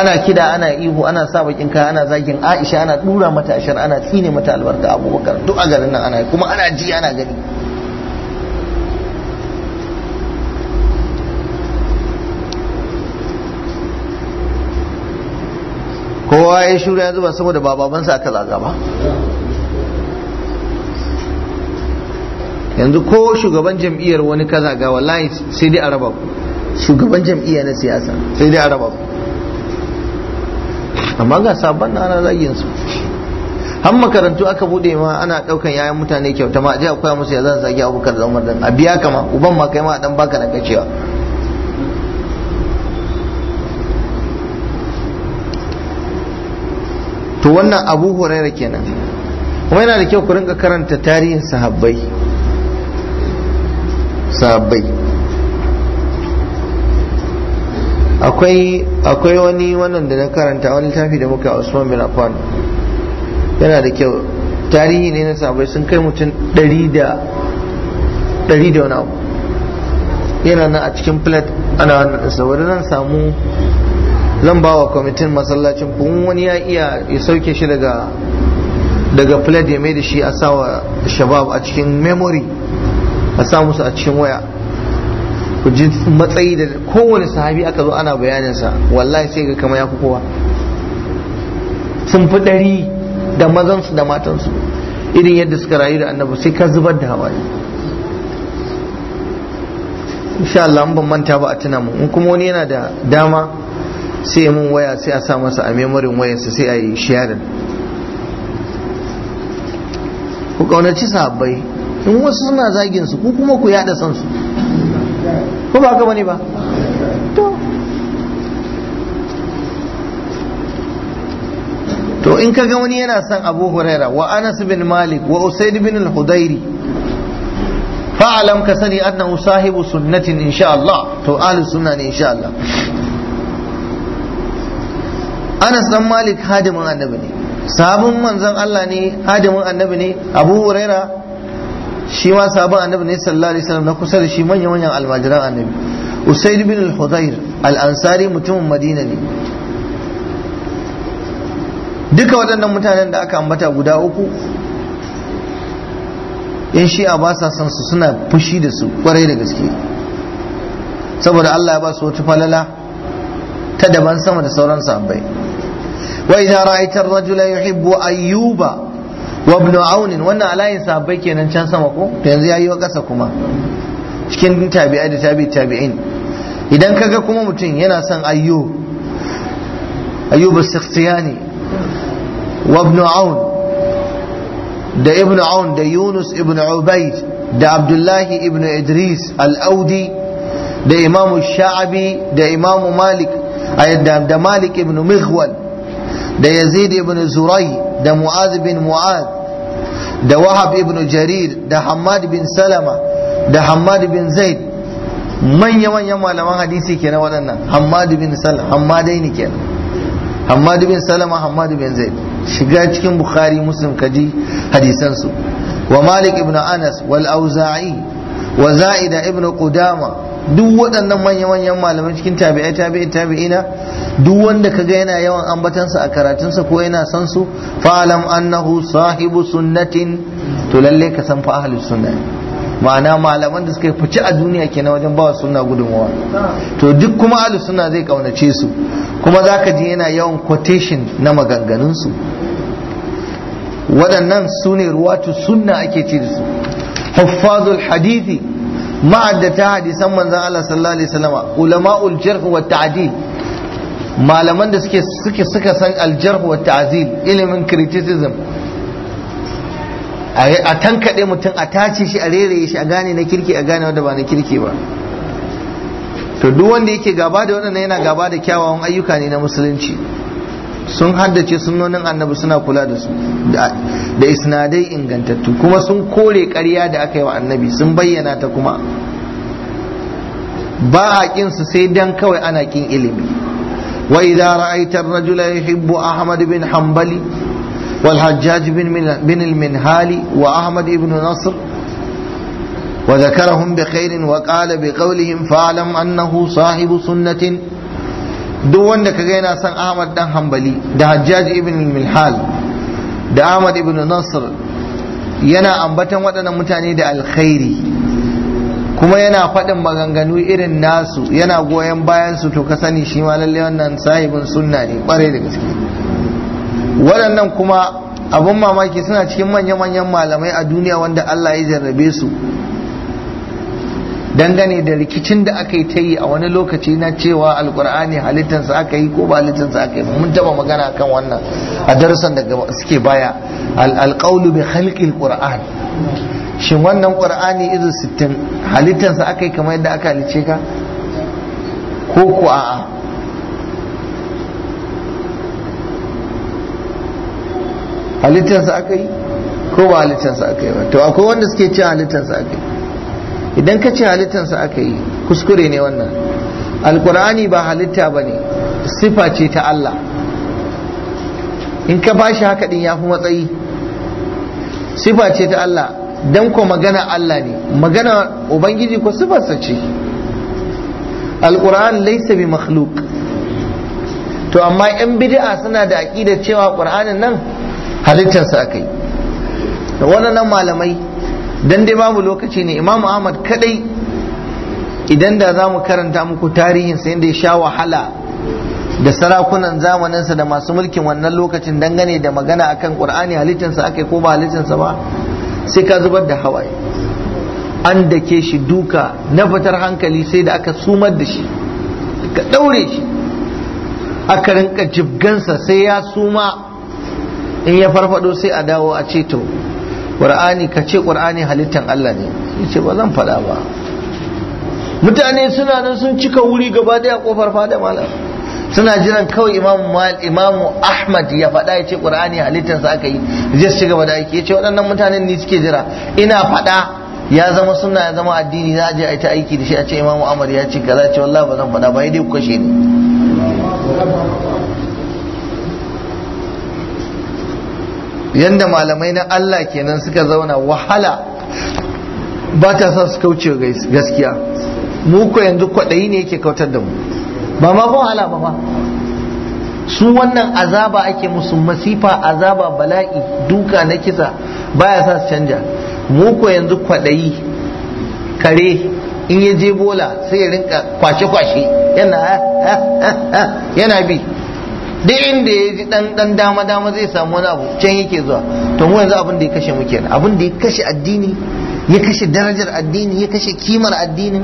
ana kida ana ihu ana sa bakin kaya ana zagin aisha ana dura mata ashar ana tsine mata albarka abubakar duk a garin nan ana kuma ana ji ana gani kowa ya shura ya zuba saboda ba sa aka zaga ba yanzu ko shugaban jam'iyyar wani ka zaga wallahi sai dai a raba shugaban jam'iyya na siyasa sai dai a raba ku amma ga sabon na ana zagin su har makarantu aka bude ma ana daukan yayan mutane kyauta ma aje akwai musu ya zan zagi abubakar da umar din a biya kama uban ma kai ma dan baka na kacewa to wannan abu huraira kenan kuma yana da kyau ku rinka karanta tarihin sahabbai sahabbai akwai akwai wani wannan da na karanta wani littafi da muka Usman bin Affan yana da kyau tarihi ne na sabai sun kai mutum ɗari da ɗari yana nan a cikin plate ana wannan saboda zan samu zan ba wa kwamitin masallacin kun wani ya iya ya sauke shi daga daga plate ya mai da shi a sawa shabab a cikin memory a sa musu a cikin waya ku ji matsayi da kowane sahabi aka zo ana bayaninsa wallahi sai ga kama ya fi kowa sun fi ɗari da mazansu da matansu irin yadda suka rayu da annabi sai ka zubar da hawaye insha Allah ban manta ba a tuna mu in kuma wani yana da dama sai ya mun waya sai a sa masa a memorin wayarsa sai a yi sharing ku kaunaci sahabbai in wasu suna zagin su ku kuma ku yada san su ko ba ga bane ba to to in ka ga wani yana son abu huraira wa anas bin malik wa usaid bin al-hudairi fa'alam ka sani annahu sahibu sunnatin insha Allah to ahli sunna ne insha Allah anas bin malik hadimin annabi ne sabon manzon Allah ne hadimin annabi ne abu huraira shi ma sabon annabi ne sallallahu alaihi wasallam na kusa da shi manyan manyan almajiran annabi usaid bin al-hudayr al-ansari mutumin madina ne duka waɗannan mutanen da aka ambata guda uku in shi'a ba sa son su suna fushi da su kwarai da gaske saboda Allah ya ba su wata falala ta daban sama da sauran sahabbai wa idza ra'aita ar-rajula yuhibbu ayyuba wa ibn aunin wannan alayin sahabbai kenan can sama ko to yanzu yayi wa kasa kuma cikin tabi'a da tabi'i tabi'in idan kaga kuma mutum yana son ayyo ayyub as wa ibn aun da ibn aun da yunus ibn ubayd da abdullahi ibn idris al-audi da imamu sha'abi da imamu malik da malik ibn mihwal da yazid ibn zurai da mu'az bin mu'az da wahab ibn jarir da hamad bin salama da hamad bin zaid manya manyan malaman hadisi kenan waɗannan hamad bin salama hamadai ne kenan hamad bin salama hamad bin zaid shiga cikin bukhari muslim kaji hadisansu wa malik ibn anas wal auza'i wa za'ida ibn qudama duk waɗannan manya-manyan malamai cikin tabi'ai tabi'i tabi'ina duk wanda ka kaga yana yawan ambatansa a karatunsa ko yana san su fa'alam annahu sahibu sunnatin to lalle ka san fa ahlus sunna ma'ana malaman da suka fice a duniya kenan wajen bawa suna gudunmawa to duk kuma ahlus sunna zai kaunace su kuma zaka ji yana yawan quotation na maganganun su waɗannan su ne ruwatu sunna ake ce da su huffazul hadithi ma'addata hadisan manzon Allah sallallahu alaihi wasallam ulama'ul jarh wa ta'dil malaman da suke suke suka san al-jarh wa ilimin criticism a tankade mutum a tace shi a rereye shi a gane na kirki a gane wanda ba na kirki ba to duk wanda yake gaba da wannan yana gaba da kyawawan ayyuka ne na musulunci sun haddace sunonin annabi suna kula da su da isnadai ingantattu kuma sun kore ƙarya da aka yi wa annabi sun bayyana ta kuma ba a ƙin su sai dan kawai ana ƙin ilimi wa idza ra'aita ar-rajula yuhibbu ahmad bin hanbali wal hajjaj bin bin al-minhali wa ahmad ibn nasr wa qala bi qawlihim fa'lam annahu, sahibu sunnatin. duk wanda ka ga yana son Ahmad dan Hanbali da Hajjaj ibn Milhal da Ahmad ibn Nasr yana ambatan waɗannan mutane da alkhairi kuma yana faɗin maganganu irin nasu yana goyon bayan su to ka sani shi ma lalle wannan sahibin sunna ne ƙwarai da gaske waɗannan kuma abun mamaki suna cikin manya-manyan malamai a duniya wanda Allah ya jarrabe su dangane da rikicin da aka yi ta yi a wani lokaci na cewa alkur'ani halittansa aka yi ko ba halittansa aka yi mun taba magana kan wannan a darasan da suke baya alƙaulu bi halƙin ƙur'an shin wannan ƙur'ani izu sittin halittansa aka yi kamar yadda aka halice ka ko ku a'a halittansa aka yi ko ba halittansa aka yi ba to akwai wanda suke cewa halittansa aka yi idan ka ce halittansa aka yi kuskure ne wannan alkur'ani ba halitta ba ne sifa ce ta Allah in ka ba shi haka ɗin ya fi matsayi sifa ce ta Allah dan ko magana Allah ne magana ubangiji ko sifarsa ce alkur'an laisa bi makhluk to amma yan bid'a suna da aƙidar cewa ƙur'anin nan halittarsa aka yi waɗannan malamai dan dai babu lokaci ne imam ahmad kadai idan da zamu karanta muku tarihin sa inda ya sha wahala da sarakunan zamaninsa da masu mulkin wannan lokacin dangane da magana akan qur'ani halittinsa aka ko ba halittinsa ba sai ka zubar da hawaye an dake shi duka na fitar hankali sai da aka sumar da shi ka daure shi aka rinka jibgansa sai ya suma in ya farfado sai a dawo a ce to ƙur'ani ka ce ƙur'ani halittan Allah ne ya ce ba zan faɗa ba mutane suna nan sun cika wuri gaba daya kofar fada malam suna jiran kawai imamu imamu ahmad ya faɗa ya ce ƙur'ani sa aka yi zai shiga gaba da aiki ya ce waɗannan mutanen ne suke jira ina faɗa ya zama suna ya zama addini za a je a yi ta aiki da shi a ce imamu ahmad ya ce kaza ce wallah ba zan faɗa ba ya dai ku kashe ne. Yadda malamai na Allah kenan suka zauna wahala ba ta sa su kauce gaskiya mu ko yanzu kwaɗayi ne yake kautar da mu ba ma ba wahala ba ma su wannan azaba ake musu masifa azaba bala'i duka na kisa ba ya sa su canja mu ko yanzu kwaɗayi kare in ya je bola sai ya rinka kwashe-kwashe yana ah, ah, ah, bi duk inda ya ji dan dan dama dama zai samu wani abu can yake zuwa to mu yanzu abin da ya kashe mu kenan abin da ya kashe addini ya kashe darajar addini ya kashe kimar addinin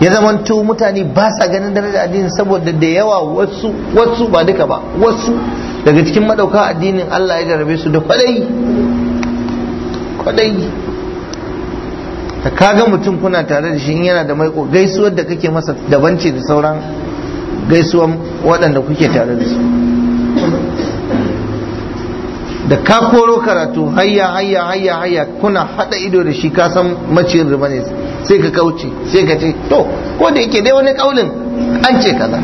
ya zamanto mutane ba sa ganin darajar addini saboda da yawa wasu wasu ba duka ba wasu daga cikin madauka addinin Allah ya jarabe su da kwadai kwadai ka kaga mutum kuna tare da shi in yana da maiko gaisuwar da kake masa daban da sauran gaisuwan waɗanda kuke tare da su da ka koro karatu hayya hayya hayya hayya kuna hada ido da shi ka san macin riba ne sai ka kauce sai ka ce to ko da yake dai wani ƙaunin an ce kaza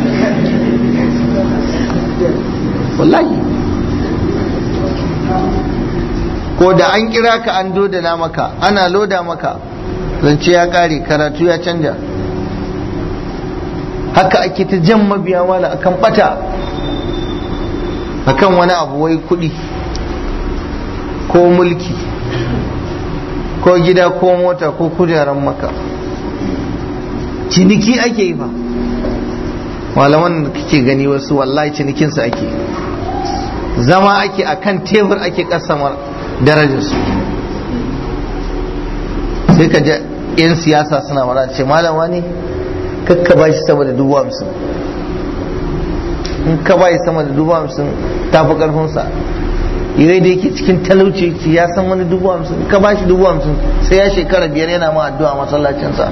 wallahi ko da an kira ka an dodana maka ana loda maka zance ya kare karatu ya canja haka ake ta jan mabiya mala akan bata akan wani abu wai kuɗi ko mulki ko gida ko mota ko kudaren maka ciniki ake yi fa malaman da kake gani wasu wallahi cinikinsu ake zama ake akan tebur ake kasamar darajarsu sai ka 'yan siyasa suna mara ce malama ne. kakka ba shi sama da dubu hamsin in ka ba shi sama da dubu hamsin ta fi karfinsa irai da yake cikin talauci ya san wani dubu hamsin ka ba shi dubu hamsin sai ya shekara biyar yana ma addu'a masallacinsa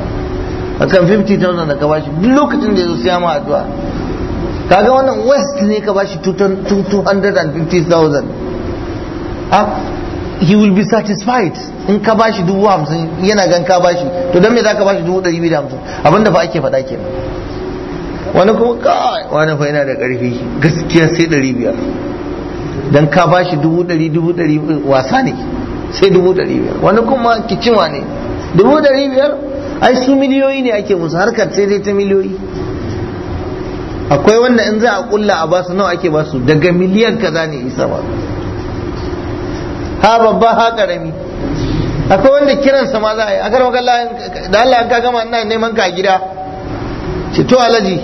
a kan 50,000 da ka ba shi duk lokacin da ya zo sai ya ma addu'a kaga wannan west ne ka ba shi 250,000 he will be satisfied in ka bashi dubu hamsin yana gan ka bashi to don me za ka bashi dubu ɗari biyu da hamsin abinda fa ake faɗa ke wani kuma kai wani fa yana da ƙarfi gaskiya sai ɗari biyar don ka bashi dubu ɗari dubu ɗari wasa ne sai dubu ɗari biyar wani kuma kiciwa ne dubu ɗari biyar ai su miliyoyi ne ake musu harkar sai dai ta miliyoyi akwai wanda in za a kulla a basu nawa ake basu daga miliyan kaza ne isa ba ha babba ha karami akwai wanda kiransa ma za a yi a karfa da Allah an ka gama ina neman ka gida ce to alaji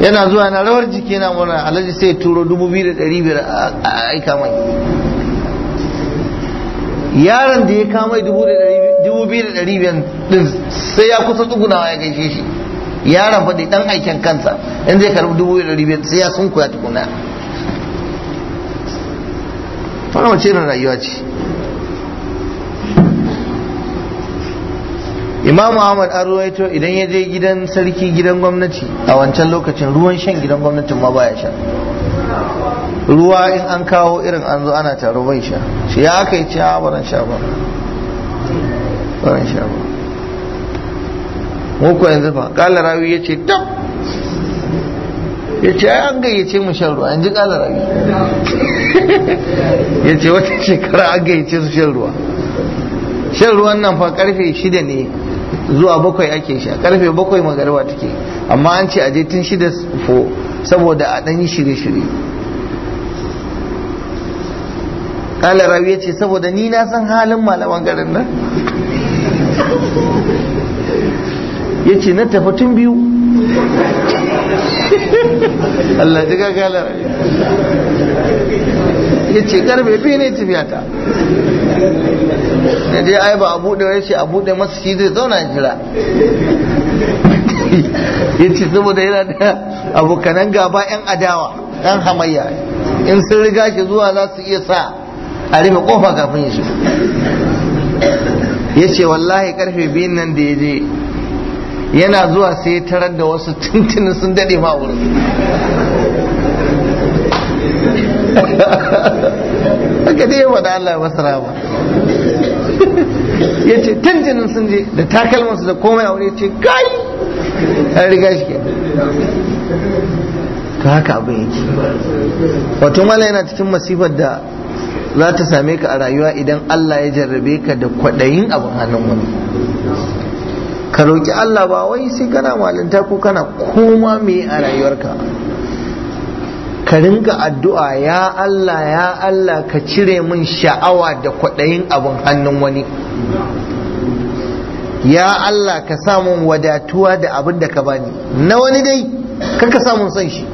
yana zuwa na rawar jiki yana murna alaji sai turo dubu biyu da ɗari biyar a aika mai yaron da ya kama dubu biyu da ɗari biyar ɗin sai ya kusa tsugunawa ya gaishe shi yaron faɗi ɗan aikin kansa in zai karɓi dubu biyu da ɗari biyar sai ya sunkuya tukuna fara wace irin rayuwa ce imamu ahmad an ruwaito idan ya je gidan sarki gidan gwamnati a wancan lokacin ruwan shan gidan gwamnatin ma baya sha ruwa in an kawo irin an zo ana taro bai sha shi ya aka yi cewa ah, baran sha ba baran sha ba muku yanzu fa kala rawi ya ce tab ya ce an gayyace mu shan ruwa yanzu ƙasa kala rabi ya ce wata shekara an gayyace su shan ruwa shan ruwan nan fa karfe shida ne zuwa bakwai ake sha karfe bakwai magarba take amma an ce aje tun shida fo saboda a ɗan yi shirye-shirye kala rabi ya ce saboda ni na san halin malaman garin nan ya ce na tafi tun biyu Allah ji gagalar ya ce karfe biyu ne tafiyata da dai ai ba a buɗe ya ce a buɗe masa shi zai zauna jira ya ce saboda yana da abokanan gaba 'yan adawa 'yan hamayya in sun riga shi zuwa za su iya sa a rufe kofa kafin ya shigo ya ce wallahi karfe biyun nan da ya je yana zuwa sai tarar da wasu tuntunin sun dade ma wurin aka dai yawa da Allah masara ba ya ce tuntunin sun je da su da komai a wuri ce kai an riga shi ke ka haka abin yake wato mala yana cikin masifar da za ta same ka a rayuwa idan Allah ya jarrabe ka da kwaɗayin abin hannun wani ka roƙi Allah ba wai sai kana malinta ko kana koma me a rayuwarka ka rinka addu'a ya Allah ya Allah ka cire min sha'awa da kwaɗayin abin hannun wani ya Allah ka samun wadatuwa da abin da ka bani na wani dai kaka samun son shi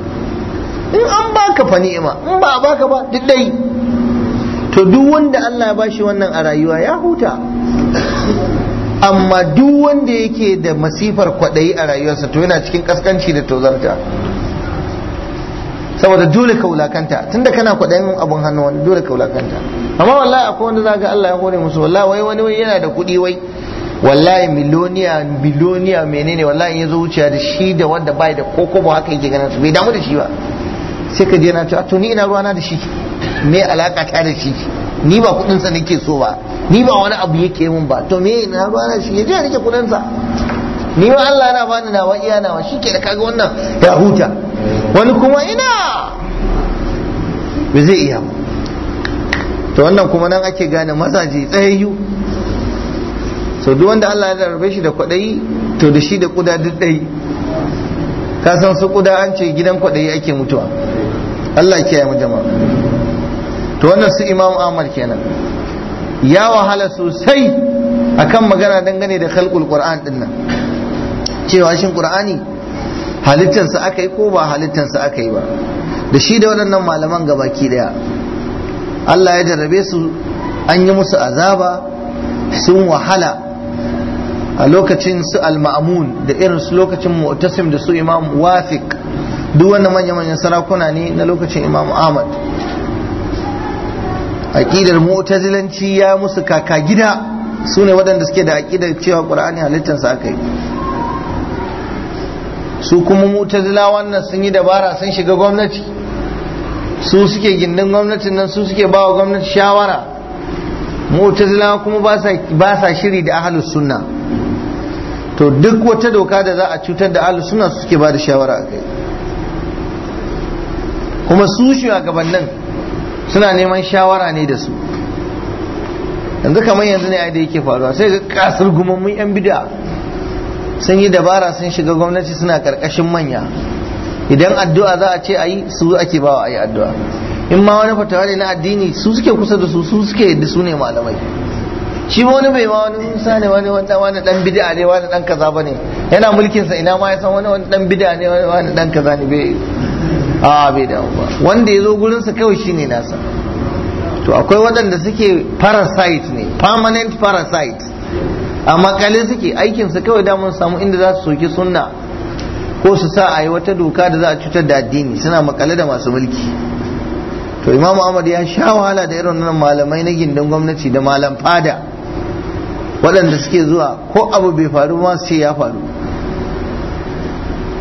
in an baka fa ni'ima in ba a baka ba duk dai to duk wanda Allah ya bashi wannan a rayuwa ya huta amma duk wanda yake da masifar kwaɗayi a rayuwarsa to yana cikin kaskanci da tozarta saboda dole ka wulakanta tunda kana kwaɗayin abun hannu wani dole ka wulakanta amma wallahi akwai wanda ga Allah ya hore musu wallahi wai wani yana da kuɗi wai wallahi miloniya biloniya menene wallahi ya zo wuciya da shi da wanda bai da koko ba haka yake ganin su bai damu da shi ba sai ka je na ce to ni ina ruwana da shi me alaka ta da shi ni ba kudin sa nake so ba ni ba wani abu yake mun ba to me na bana shi yaje ya rike kudin sa ni ma Allah yana bani nawa iya nawa shike da kaga wannan ya huta wani kuma ina me zai iya ba to wannan kuma nan ake gane mazaje tsayayyu so duk wanda Allah ya darbe shi da kwadayi to da shi da kuda duk dai ka san su kuda an ce gidan kwadayi ake mutuwa Allah ya kiyaye mu jama'a to wannan su imam ahmad kenan ya wahala sosai akan magana dangane da khalqul qur'an din nan cewa shin qur'ani halittansa aka yi ko ba halittansa aka yi ba da shi da waɗannan malaman gabaki daya Allah ya jarrabe su an yi musu azaba sun wahala a lokacin su al-ma'mun da irin su lokacin mu'tasim da su imam wafiq duk wanda manya-manyan sarakuna ne na lokacin imam ahmad aqidar mu'tazilanci ya musu kaka gida su ne waɗanda suke da aqidar cewa qur'ani halittarsa aka yi su kuma mu'tazila wannan sun yi dabara sun shiga gwamnati su suke gindin gwamnatin nan su suke bawa gwamnati shawara mu'tazila kuma ba sa shiri da ahlus sunna to duk wata doka da za a cutar da ahlus sunna suke ba da shawara kai kuma su shugabannin suna neman shawara ne da su yanzu kamar yanzu ne da yake faruwa sai ga kasar gumammun yan bida sun yi dabara sun shiga gwamnati suna karkashin manya idan addu'a za a ce a yi su ake bawa a yi addu'a in ma wani fatawa ne na addini su suke kusa da su su suke yadda su ne malamai shi ma wani bai ma wani musa ne wani wanda wani dan bid'a ne wani dan kaza bane yana mulkin sa ina ma ya san wani wani dan bid'a ne wani wani dan kaza ne bai a bai dawo ba wanda ya zo gurinsa kawai shine nasa to akwai waɗanda suke parasite ne permanent parasite a makale suke aikinsa kawai damar samu inda za su soki sunna ko su sa a yi wata doka da za a cutar da addini suna makale da masu mulki to imamu ahmad ya sha wahala da irin nan malamai na gindin gwamnati da malam fada waɗanda suke zuwa ko abu bai faru ma sai ya faru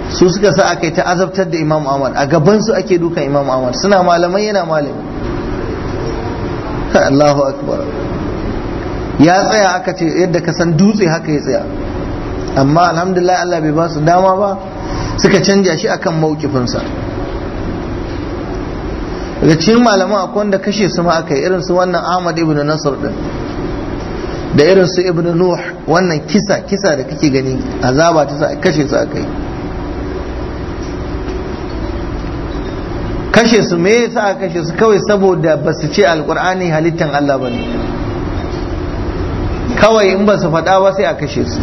su suka sa aka yi ta azabtar da imam ahmad a gaban su ake dukan imam ahmad suna malamai yana malami Allahu akbar ya tsaya aka ce yadda ka san dutse haka ya tsaya amma alhamdulillah Allah bai ba su dama ba suka canja shi akan maukifinsa daga cikin malaman akwai wanda kashe su ma aka yi irin su wannan Ahmad ibn Nasr din da irin su ibn Nuh wannan kisa kisa da kake gani azaba ta kashe su aka yi kashe su me yasa aka kashe su kawai saboda ba su ce alkur'ani halittan Allah ba ne kawai in ba su faɗa ba sai a kashe su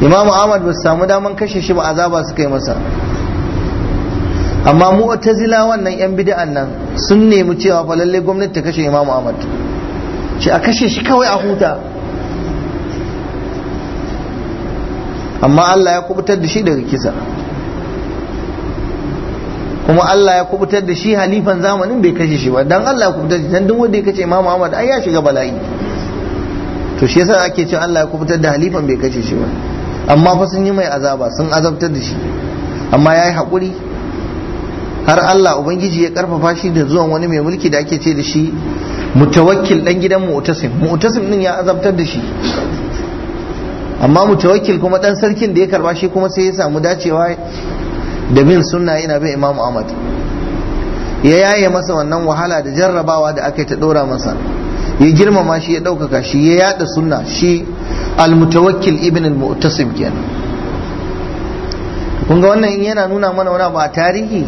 imamu ahmad ba su samu daman kashe shi ba azaba suka yi masa amma mu'tazila wannan yan bid'an nan sun nemi cewa fa lalle gwamnati ta kashe imamu ahmad shi a kashe shi kawai a huta amma Allah ya kubutar da shi daga kisa kuma Allah ya kubutar da shi halifan zamanin bai kashe shi ba dan Allah ya kubutar da dan duk wanda ya kace Imam Ahmad ai ya shiga bala'i to shi yasa ake cewa Allah ya kubutar da halifan bai kashe shi ba amma fa sun yi mai azaba sun azabtar da shi amma yayi hakuri har Allah ubangiji ya karfafa shi da zuwan wani mai mulki da ake ce da shi mutawakkil dan gidan mu'tasim mu'tasim din ya azabtar da shi amma mutawakkil kuma dan sarkin da ya karba shi kuma sai ya samu dacewa da bin sunna yana bin imamu ahmad ya yaye masa wannan wahala da jarrabawa da aka yi ta ɗora masa ya girmama shi ya ɗaukaka shi ya yada sunna shi al-mutawakkil ibn al-mu'tasim kun ga wannan yana nuna mana wani ba tarihi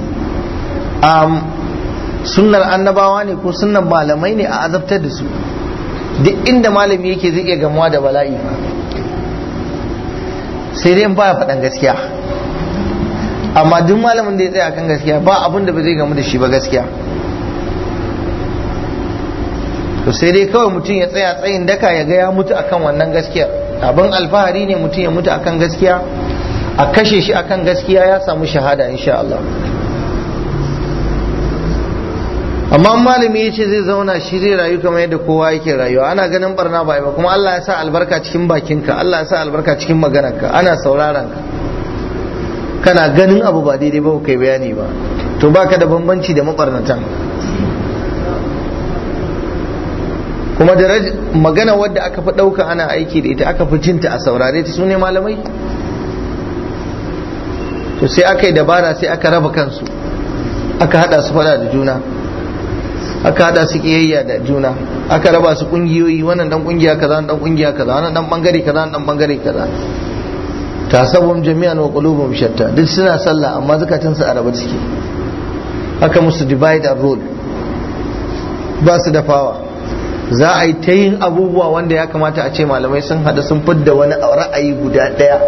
um, sunnar annabawa ne ko sunnar malamai ne a azabtar da su duk inda malami yake zai iya gamuwa da bala'i sai dai ba baya faɗan gaskiya amma duk malamin da ya tsaya kan gaskiya ba abin da ba zai gamu da shi ba gaskiya to sai dai kawai mutum ya tsaya tsayin daka ya ga ya mutu akan wannan gaskiya abin alfahari ne mutum ya mutu akan gaskiya a kashe shi akan gaskiya ya samu shahada insha Allah amma malami ya ce zai zauna shi zai rayu kamar yadda kowa yake rayuwa ana ganin barna ba ba kuma Allah ya sa albarka cikin bakinka Allah ya sa albarka cikin maganarka ana sauraron ka kana ganin abu ba daidai ba kai bayani ba to baka da bambanci da mabarnatan kuma da magana wadda aka fi ɗauka ana aiki da ita aka fi jinta a saurare ta sune malamai to sai aka yi dabara sai aka raba kansu aka hada su fada da juna aka hada su kiyayya da juna aka raba su kungiyoyi wannan dan kungiya kaza wannan dan kungiya kaza wannan dan bangare kaza wannan dan bangare kaza tasabum jami'an wa qulubuhum shatta duk suna sallah amma zukatun su arabu suke haka musu divide and rule ba su da fawa za a yi ta yin abubuwa wanda ya kamata a ce malamai sun hada sun fidda wani ra'ayi guda daya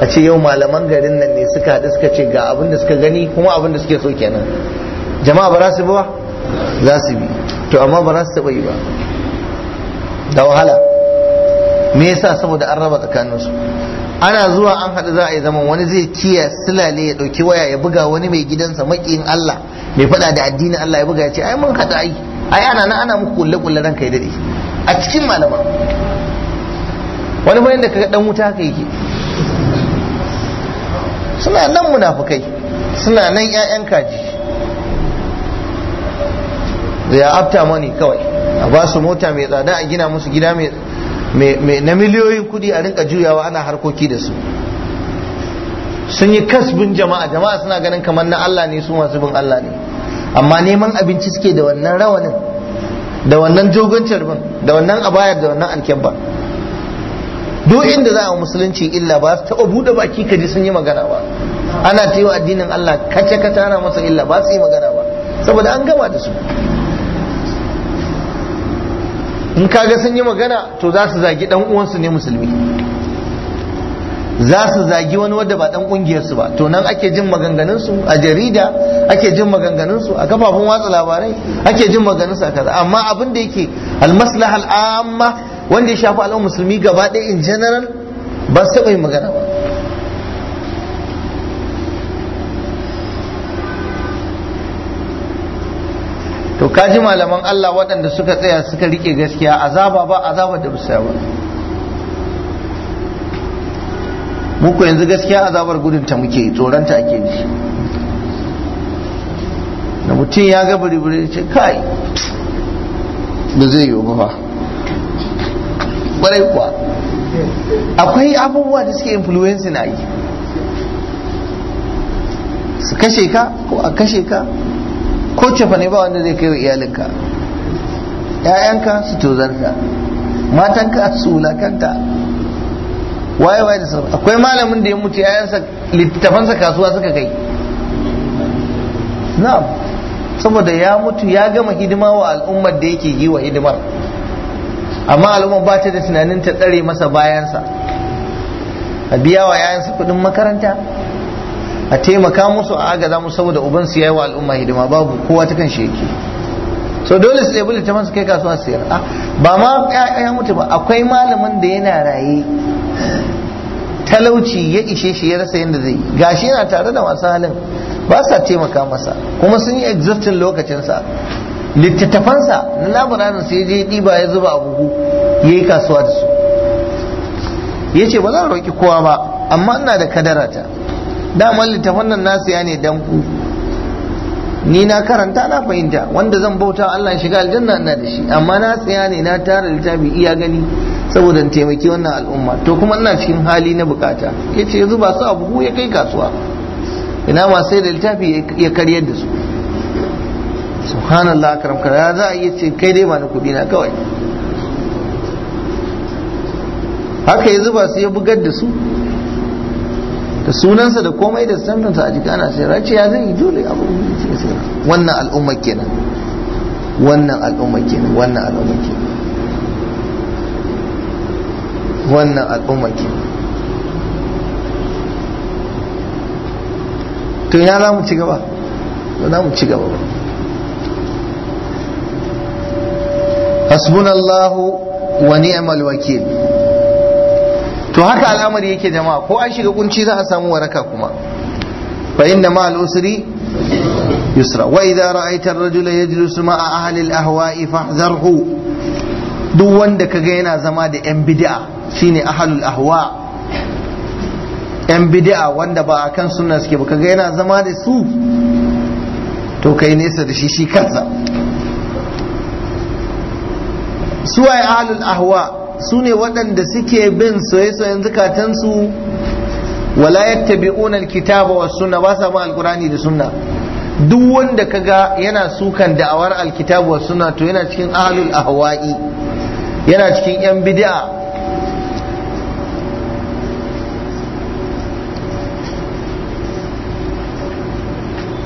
a ce yau malaman garin nan ne suka hada suka ce ga abin da suka gani kuma abin da suke so kenan jama'a ba za su bi ba za su bi to amma ba za su taɓa yi ba da wahala me yasa saboda an raba tsakaninsu ana zuwa an haɗu za a yi zaman wani zai kiya silale ya ɗauki waya ya buga wani mai gidansa maƙiyin Allah mai faɗa da addinin Allah ya buga ya ce ai mun haɗu ai ai ana nan ana muku kulle kulle ranka ya daɗe a cikin malama wani bayan da kaga dan wuta haka yake suna nan munafukai suna nan ƴaƴan kaji ya afta mani kawai a ba su mota mai tsada a gina musu gida mai na miliyoyin kudi a rinka juyawa ana harkoki da su sun yi kasbin jama'a jama'a suna ganin kamar na Allah ne su masu bin Allah ne amma neman abinci suke da wannan rawanin da wannan jogon carbin da wannan abayar da wannan alkyabba duk inda za a musulunci illa ba su taɓa buɗe baki ka ji sun yi magana ba ana cewa addinin Allah kace kace ana masa illa ba su yi magana ba saboda an gama da su in kaga sun yi magana to za su zagi dan uwansu ne musulmi za su zagi wani wadda ba dan kungiyarsu ba to nan ake jin maganganun su a jarida ake jin maganganun su a kafafun watsa labarai ake jin maganganun su a kaza amma abin da yake almaslaha al'amma wanda ya shafi al'ummar musulmi gaba ɗaya in general ba su yi magana ba kaji malaman Allah waɗanda suka tsaya suka rike gaskiya azaba ba azaba da bisa ba muku yanzu gaskiya azabar gudun ta muke tsoronta ake ji da mutum ya ga biribiri ce kai ba zai yi ba ƙwarai kuwa akwai abubuwa da suke influence na yi su kashe ka ko a kashe ka ko cefa ne ba wanda zai kai wa iyalinka ‘ya'yanka su tozarta matanka su wulakanta waye waye da sarfa akwai malamin da ya mutu ‘ya'yansa littafansa kasuwa suka kai na'am saboda ya mutu ya gama hidima wa al'ummar da yake yi wa hidimar amma al'ummar ba ta da tunanin ta tsare masa bayansa a biya wa ‘ya'yansa kuɗin makaranta a taimaka musu a agaza musu saboda uban su yayi wa al'umma hidima babu kowa ta kan shi yake so dole su ɗebi littafin su kai kasuwa yara ah, ba ma ya mutu ba akwai malamin da yana raye talauci ya ishe shi ya rasa yadda zai gashi yana tare da masu halin ba sa taimaka masa kuma sun yi existing lokacinsa littattafansa na su sai je ɗiba ya zuba a buhu ya yi kasuwa da su ya ce ba zan roƙi kowa ba amma ina da kadarata daman littafan nan nasu ya ne dan ku ni na karanta na fahimta wanda zan bauta Allah shiga aljanna ina da shi amma na tsaya ne na tara littafi iya gani saboda taimaki wannan al'umma to kuma ina cikin hali na bukata ce yanzu ba su buhu ya kai kasuwa ina ma sai da littafi ya karyar da su subhanallah akram ya za a iya ce kai dai ba ni kudi na kawai haka ya zuba su ya bugar da su da sunansa da komai da stamfinsa a jiki ana sai ce ya zai dole abu sai sai wannan al'umma kenan wannan al'umma kenan wannan al'umma kenan wannan al'umma kenan to ya za mu ci gaba to zamu mu ci gaba ba hasbunallahu wa ni'mal wakil to haka al'amari yake jama'a ko an shiga kunci za a samu waraka kuma fa inna ma al-usri yusra wa idza ra'aita ar-rajula yajlisu ma'a ahli al-ahwa'i fahzarhu duk wanda kaga yana zama da yan bid'a shine al ahwa yan bid'a wanda ba akan sunna suke ba kaga yana zama da su to kai nesa da shi shi kansa suwaye ahlul ahwa' su ne waɗanda suke bin soye-soyen zukatansu wala yattabi'una kitaba wa suna ba samu alkurani da suna duk wanda kaga yana sukan da'awar alkitabu wa suna to yana cikin a ahwa'i yana cikin yan bid'a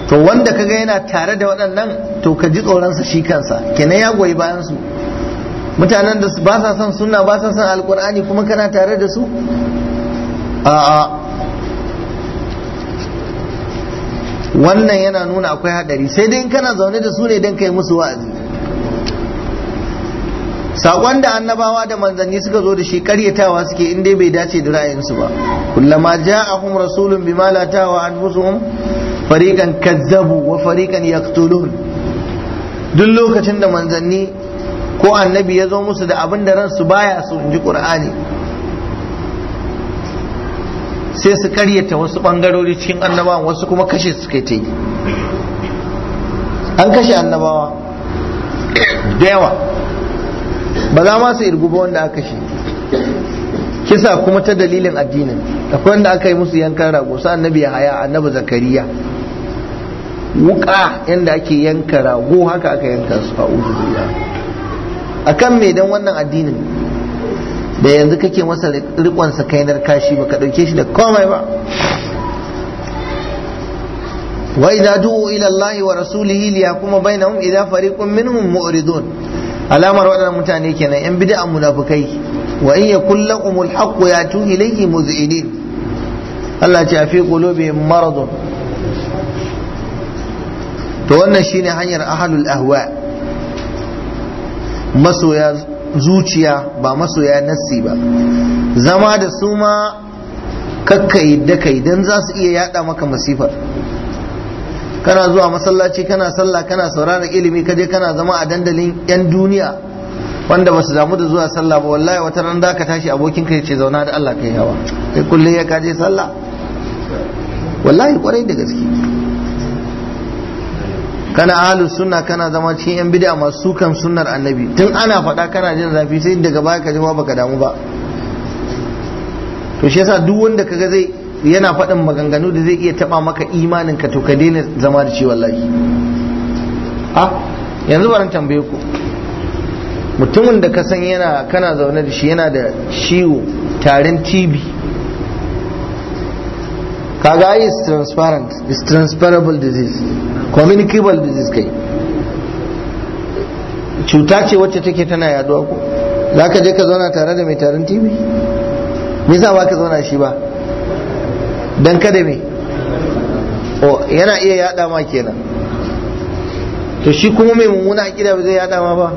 to wanda kaga yana tare da waɗannan to ka ji tsoron shi kansa kenan ya goyi bayan su mutanen da ba sa son sunna ba sa son alkur'ani kuma kana tare da su a'a wannan yana nuna akwai hadari sai dai kana zaune da su ne don kai musu wa'azi Saƙon da annabawa da manzanni suka zo da shi karyatawa suke in bai dace da ra'ayinsu ba kullama ja'ahum rasulun bima la ta'wa anfusuhum fariqan kazzabu wa fariqan yaqtulun duk lokacin da manzanni ko annabi ya zo musu da abin da ransu baya su in ji qur'ani sai su karyata wasu bangarori cikin annabawan wasu kuma kashe su kai ta yi an kashe annabawa da yawa ba za ma su irgu ba wanda aka kashe kisa kuma ta dalilin addinin akwai wanda aka yi musu yankan rago sa annabi ya haya annabi zakariya wuka yadda ake yanka rago haka aka yanka su a akan me dan wannan addinin da yanzu kake masa rikon sa kainar kashi baka dauke shi da komai ba wa idza du'u ila Allah wa rasulihi li yakuma bainahum idza fariqun minhum mu'ridun alamar waɗannan mutane kenan yan bid'a munafikai wa in yakul lahumul ya yatu ilayhi muz'inin Allah ya fi qulubihim maradun to wannan shine hanyar ahlul ahwa' masoya zuciya ba masoya nasi ba zama da su ma kakka yadda kai don za su iya yada maka masifar kana zuwa masallaci kana sallah kana saurara ilimi kaje kana zama a dandalin yan duniya wanda ba su damu da zuwa sallah ba wallahi wata ran da ka tashi abokin ka ce zauna da Allah kai hawa kai kullum ya kaje sallah wallahi kwarai da gaske kana ahlus sunna kana zama cikin yan bid'a masu sukan sunnar annabi tun ana faɗa kana jin zafi sai daga baya ka jima baka damu ba to shi yasa duk wanda kaga zai yana faɗin maganganu da zai iya taba maka imanin ka to ka daina zama da shi wallahi a yanzu bari tambaye ku mutumin da ka san yana kana zaune da shi yana da ciwo tarin TB kaga is transparent is transferable disease communicable disease kai cuta ce wacce take tana yaduwa ko za ka je ka zauna tare da mai tarin tv me yasa ba ka zauna shi ba dan kada me o yana iya yada ma kenan to shi kuma mai mummuna akida ba zai yada ma ba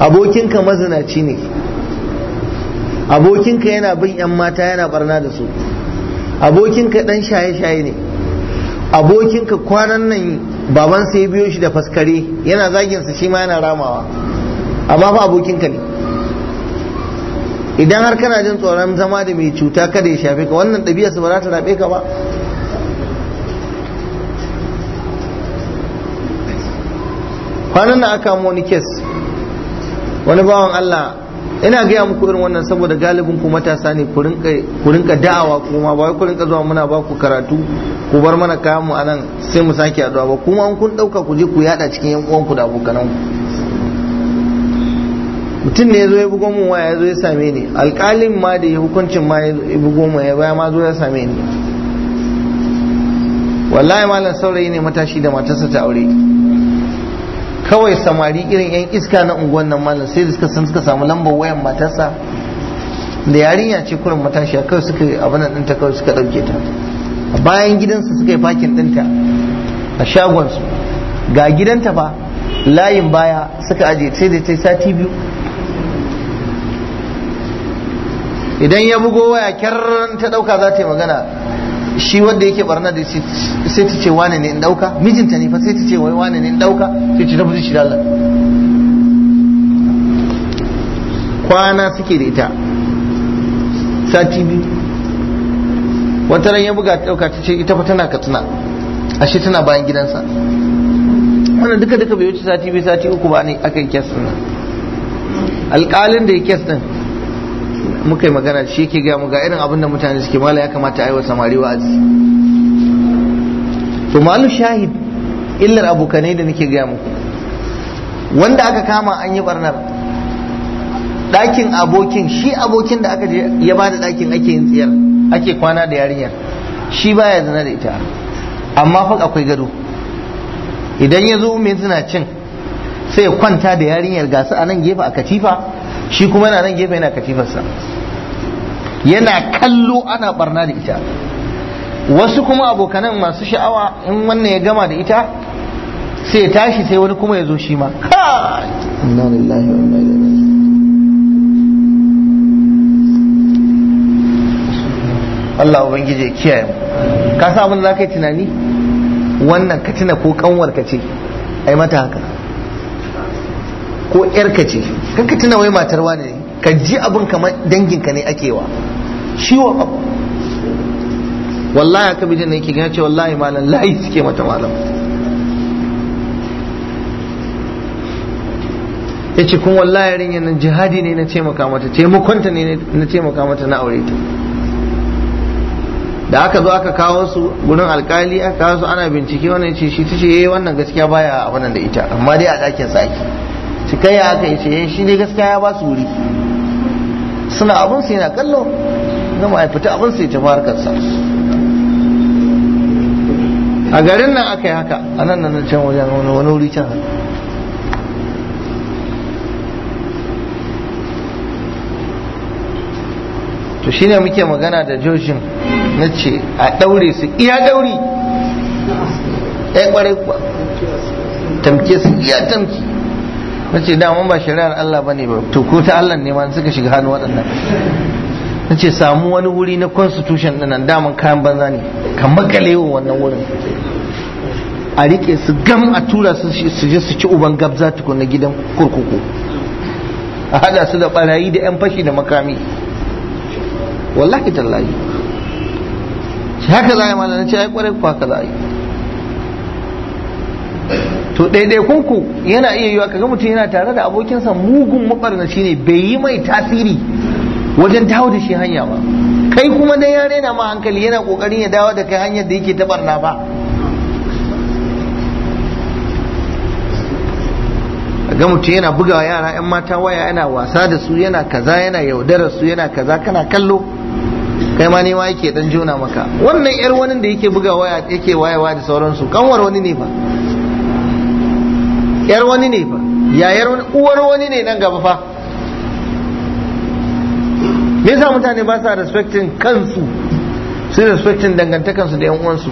abokinka mazinaci ne abokinka yana bin yan mata yana barna da su abokinka dan shaye-shaye ne abokinka kwanan nan baban sai biyo shi da faskare yana zaginsa shi ma yana ramawa amma fa abokinka ne idan har kana jin tsoron zama da mai cuta kada ya shafe ka wannan ɗabi'arsa ba za ta rabe ka ba kwanan nan aka wani kes wani bawan Allah ina gaya muku irin wannan saboda galibin ku matasa ne ku rinka da'awa kuma ba ku rinka zuwa muna ba ku karatu ku bar mana kayan mu anan sai mu sake addu'a ba kuma an kun dauka ku je ku yada cikin yan uwan ku da abokanan ku mutum ne zo ya bugo mu waya ya zo ya same ni alƙalin ma da ya hukuncin ma ya bugo mu ya baya ma zo ya same ni wallahi malam saurayi ne matashi da matarsa ta aure kawai samari irin yan iska na unguwan nan malam sai suka san suka samu lambar wayan matarsa da yarinya ce kurin matashiya kawai suka abin nan ta kawai suka ɗauke ta bayan gidansu suka yi fakin ɗinta a shagon su ga gidanta fa layin baya suka aje sai da ta sati biyu idan ya bugo waya kyar ta ɗauka za ta yi magana shi wanda yake barna da sai ta ce wane ne in dauka mijinta ne fa sai ta ce wai wane ne in dauka sai ta tafi shi da Allah kwana suke da ita sati biyu wata ran ya buga ta dauka ta ce ita fa tana katsina ashe tana bayan gidansa wannan duka duka bai wuce sati biyu sati uku ba ne aka yi kes din alƙalin da ya kes din muka yi magana shi yake gaya ga irin abin mutane suke mala ya kamata ayi wa samari wa'azi to malu shahid illar abokanai da nake gaya muku wanda aka kama an yi barnar ɗakin abokin shi abokin da aka ya bada ɗakin ake yin tsiyar ake kwana da yarinyar shi baya zina da ita amma fa akwai gado idan ya zo mai zina cin sai ya kwanta da yarinyar gasu a nan gefe a katifa shi kuma yana nan gefe yana katifarsa yana kallo ana barna da ita wasu kuma abokanan masu sha'awa in wannan ya gama da ita sai tashi sai wani kuma ya zo shi ma Allah Ubangiji ya kiyaye mu ka sa abin da za ka yi tunani wannan ka tuna ko kanwar ka ce ai mata haka ko yarka ce kanka tuna wai matar wane ne ka ji abin kamar danginka ne ake wa shi wa abu wallahi aka bijin ne yake gina ce wallahi malam layi suke mata malam ya ce kun wallahi rin nan jihadi ne na taimaka mata taimakonta ne na taimaka mata na aure ta da aka zo aka kawo su gurin alkali aka kawo su ana bincike wannan ce shi ta ce eh, wannan gaskiya baya a wannan da ita amma dai a ɗakin saki ci kai ya aka ce eh, shi ne gaskiya ya ba su wuri suna abin su yana kallo gama ya fita abin su ya tafi harkarsa a garin nan aka yi haka a nan nan can wajen wani wuri can to shine muke magana da joshin na ce a daure su iya daure eh, ya kwarai kuwa tamke su iya tamki na ce daman ba shari'ar Allah ba ne ba to ko ta Allah ne ma suka shiga hannu waɗannan na ce samu wani wuri na constitution ɗin mun kayan banza ne ka makale wa wannan wurin a rike su gam a tura su je su ci uban gabza tukun na gidan kurkuku a hada su da barayi da yan fashi da makami wallahi tallahi haka za a yi malam na ce ai kwarai kwa haka za a yi to ɗaiɗaikun ku yana iya yiwa kaga mutum yana tare da abokinsa mugun mabarnaci ne bai yi mai tasiri wajen dawo da shi hanya ba kai kuma dan yare na ma hankali yana kokarin ya dawo da kai hanyar da yake tabarna ba ga mutum yana bugawa yara yan mata waya yana wasa da su yana kaza yana yaudarar su yana kaza kana kallo kai ma ne ma yake dan jona maka wannan yar wani da yake buga waya yake wayawa da sauransu kanwar wani ne ba yar wani ne fa yar wani uwar wani ne nan gaba fa me yasa mutane ba sa respecting kansu su respecting dangantakansu da yan uwansu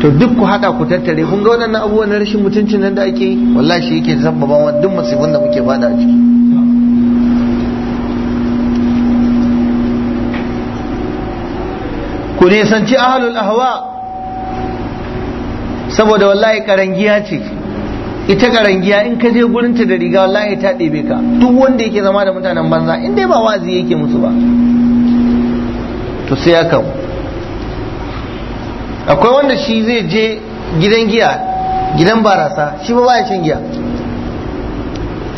to duk ku hada ku tattare kun ga waɗannan abubuwan na rashin mutuncin nan da ake wallahi shi yake sabbaba wa duk musibin da muke bada a ciki ku sanci ahlul ahwa saboda wallahi karangiya ce ita karangiya in ka je gurinta da riga wallahi ta ɗebe ka duk wanda yake zama da mutanen banza in dai ba wazi yake musu ba to sai aka akwai wanda shi zai je gidan giya gidan barasa shi ba ya shan giya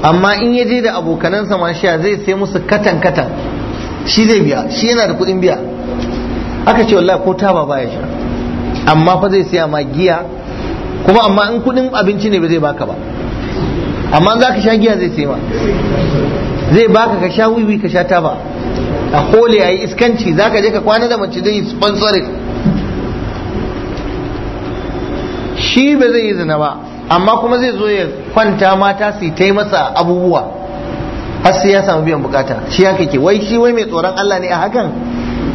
amma in ya je da abokanansa mashiya zai sai musu katan katan shi zai biya shi yana da kuɗin biya aka ce wallahi ko ta ba ya sha amma fa zai siya ma giya kuma amma in kudin abinci ne ba zai baka ba amma za ka sha giya zai sai ma zai baka ka sha wiwi ka sha taba a kole a yi iskanci za ka je ka kwana da mace zai sponsorin shi ba zai yi zina ba amma kuma zai zo ya kwanta mata su ta yi masa abubuwa har sai ya samu biyan bukata shi ya kake wai shi wai mai tsoron Allah ne a hakan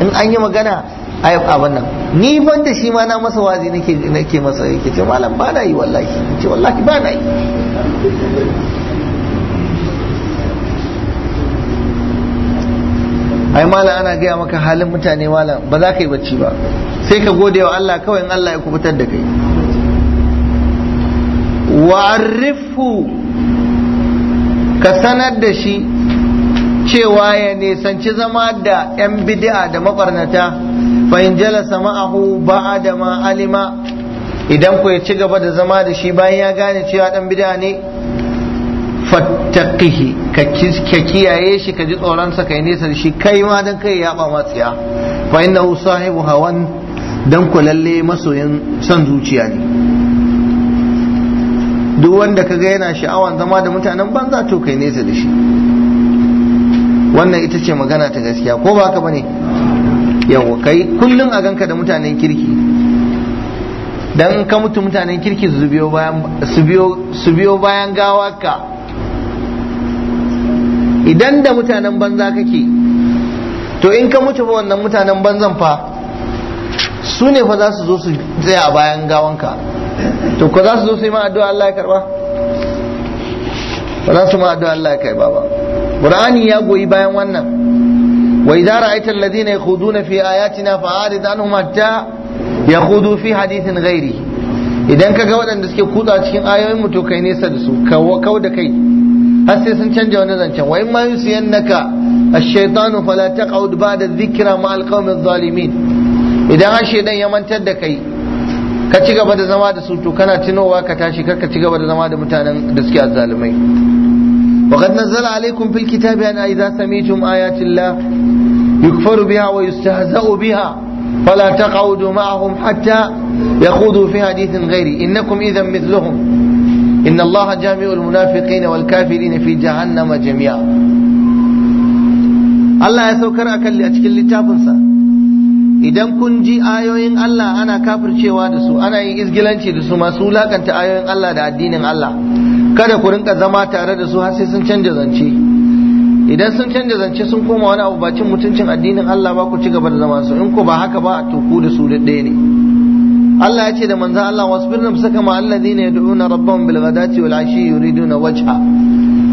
in an yi magana a abin nan ni ban da shi ma na masa wazi nake nake masa yake ce malam ba na yi wallahi ce wallahi ba na yi ai malam ana gaya maka halin mutane malam ba za ka yi bacci ba sai ka gode wa Allah kawai in Allah ya kubutar da kai wa'arrifu ka sanar da shi cewa ya nisanci zama da 'yan bid'a da mabarnata fa in jalasa ma'ahu ba'da ma alima idan ku ya ci gaba da zama da shi bayan ya gane cewa dan bid'a ne fattaqihi ka kiyaye shi ka ji tsoron sa kai nesa da shi kai ma dan kai ya ba matsiya fa innahu sahibu hawan dan ku lalle masoyin son zuciya ne duk wanda kaga yana sha'awan zama da mutanen banza to kai nesa da shi wannan ita ce magana ta gaskiya ko ba haka bane yawa kai kullum a ganka da mutanen kirki dan ka mutu mutanen kirki su biyo bayan su biyo su biyo bayan gawarka idan da mutanen banza kake to in ka mutu ba wannan mutanen banzan fa su ne fa za su zo su tsaya a bayan gawanka to ko za su zo su yi ma addu'a Allah ya karba ba za su ma addu'a Allah ya ba ba Qur'ani ya goyi bayan wannan وإذا رأيت الذين يخوضون في آياتنا فأعرض عنهم حتى يخوضوا في حديث غيره idan ka ga waɗanda suke kutsa cikin ayoyin mu kai nesa da su kawo da kai har sai sun canja wani zancen wa in ma yusiyannaka ash-shaytanu fala taq'ud ba'da dhikra ma al-qawmi adh idan har shaydan ya mantar da kai ka ci gaba da zama da su to kana tunowa ka tashi kar ka ci gaba da zama da mutanen da suke azzalumai وقد نزل عليكم في الكتاب أن إذا سمعتم آيات الله يكفر بها ويستهزأ بها فلا تقعدوا معهم حتى يخوضوا في حديث غيري إنكم إذا مثلهم إن الله جامع المنافقين والكافرين في جهنم جميعا Allah ya saukar a kalli a cikin littafinsa idan kun ji ayoyin Allah ana kafircewa da su ana yin izgilanci da su masu wulakanta ayoyin Allah da addinin Allah kada ku rinka zama tare da su har sai sun canja zance idan sun canza zance sun koma wani abu bacin mutuncin addinin Allah ba ku ci gaba da zama su in ko ba haka ba to ku da su da ɗaya ne Allah ya ce da manzon Allah wasbir saka ma alladhina yad'una rabbahum bil ghadati wal ashi yuriduna wajha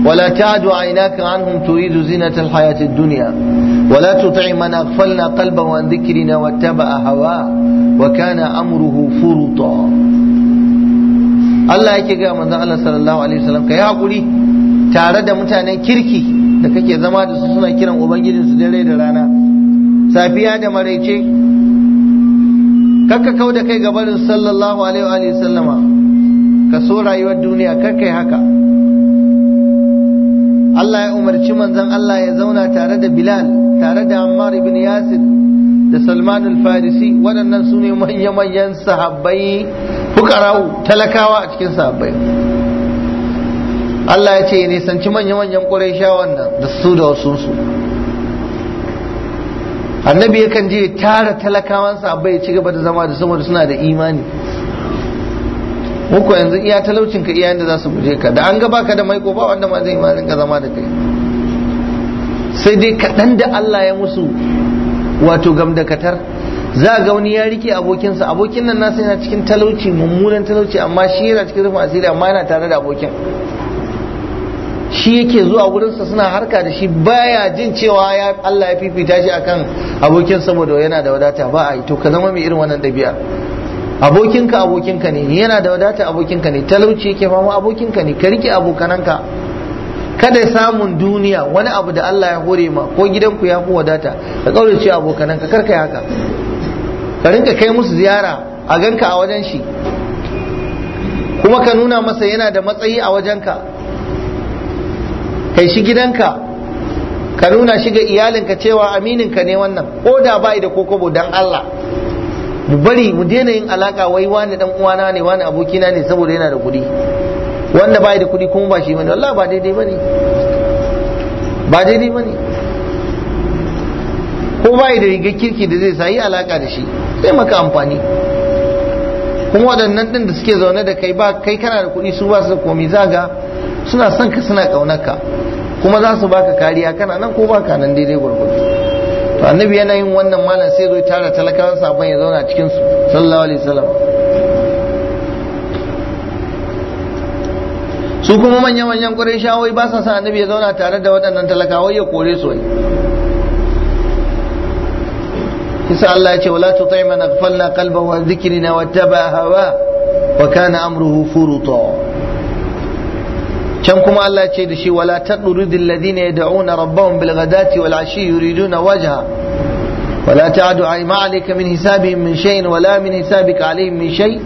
ولا duniya. Wala عنهم تريد زينة الحياة الدنيا ولا تطع من أغفلنا قلبه عن ذكرنا واتبع هواه وكان أمره فرطا Allah yake ga manzon Allah sallallahu alaihi wasallam yi hakuri tare da mutanen kirki da kake zama da su suna kiran ubangijinsu dare da rana safiya da maraice kakka kau da kai gabarin sallallahu alaihi wa sallama ka so rayuwar duniya kakkai haka Allah ya umarci manzon Allah ya zauna tare da Bilal tare da Ammar ibn Yasir da Salman al-Farisi waɗannan su ne manya-manyan sahabbai fukarau talakawa a cikin sahabbai Allah ya ce ya nisanci manya-manyan ƙurayshawan nan da su da wasu su annabi kan je ya tara talakawansa ya ci gaba da zama da saboda suna da imani muku yanzu iya talaucin ka iya yanda za su guje ka da an gaba ka da maiko ba wanda ma zai imanin ka zama da kai sai dai kaɗan da Allah ya musu wato katar za ga wani ya rike abokinsa abokin nan nasa yana cikin talauci mummunan talauci amma shi yana cikin rufin asiri amma yana tare da abokin shi yake zuwa wurinsa suna harka da shi baya jin cewa ya Allah ya fifita shi akan abokin saboda yana da wadata ba a yi to ka zama mai irin wannan dabi'a abokinka abokinka ne yana da wadata abokinka ne talauci yake fama abokinka ne ka rike abokananka kada samun duniya wani abu da Allah ya hore ma ko gidanku ya fi wadata ka kaurace abokananka karka yi haka ka rinka kai musu ziyara a ganka a wajen shi kuma ka nuna masa yana da matsayi a wajen ka. kai shi gidanka ka nuna shi ga iyalinka cewa amininka ne wannan ko da bai da kokobo dan Allah mu bari mu daina yin alaka wai wani dan uwana ne wani abokina ne saboda yana da kuɗi wanda ba da kuɗi kuma ba shi bane wallahi ba daidai bane ba daidai bane ko ba da rigar kirki da zai sayi alaka da shi sai maka amfani kuma waɗannan ɗin da suke zaune da kai ba kai kana da kuɗi su ba su komi zaga suna son ka suna kaunarka kuma za su baka kariya kana nan ko baka nan daidai gurgurdu to annabi yana yin wannan malam sai zo tara talakawan sabon ya zauna cikin su sallallahu alaihi wasallam su kuma manyan manyan ƙurin ba sa sa annabi ya zauna tare da waɗannan talakawai ya kore su kisa Allah ya ce wala tutai man aghfalna qalbahu wa dhikrina wa tabaha wa kana amruhu furuta can kuma Allah ce da shi wala tadrudil ladina yad'una rabbahum bil ghadati wal ashi yuriduna wajha ولا تعد min عليك من حسابهم wala شيء ولا من حسابك عليهم من شيء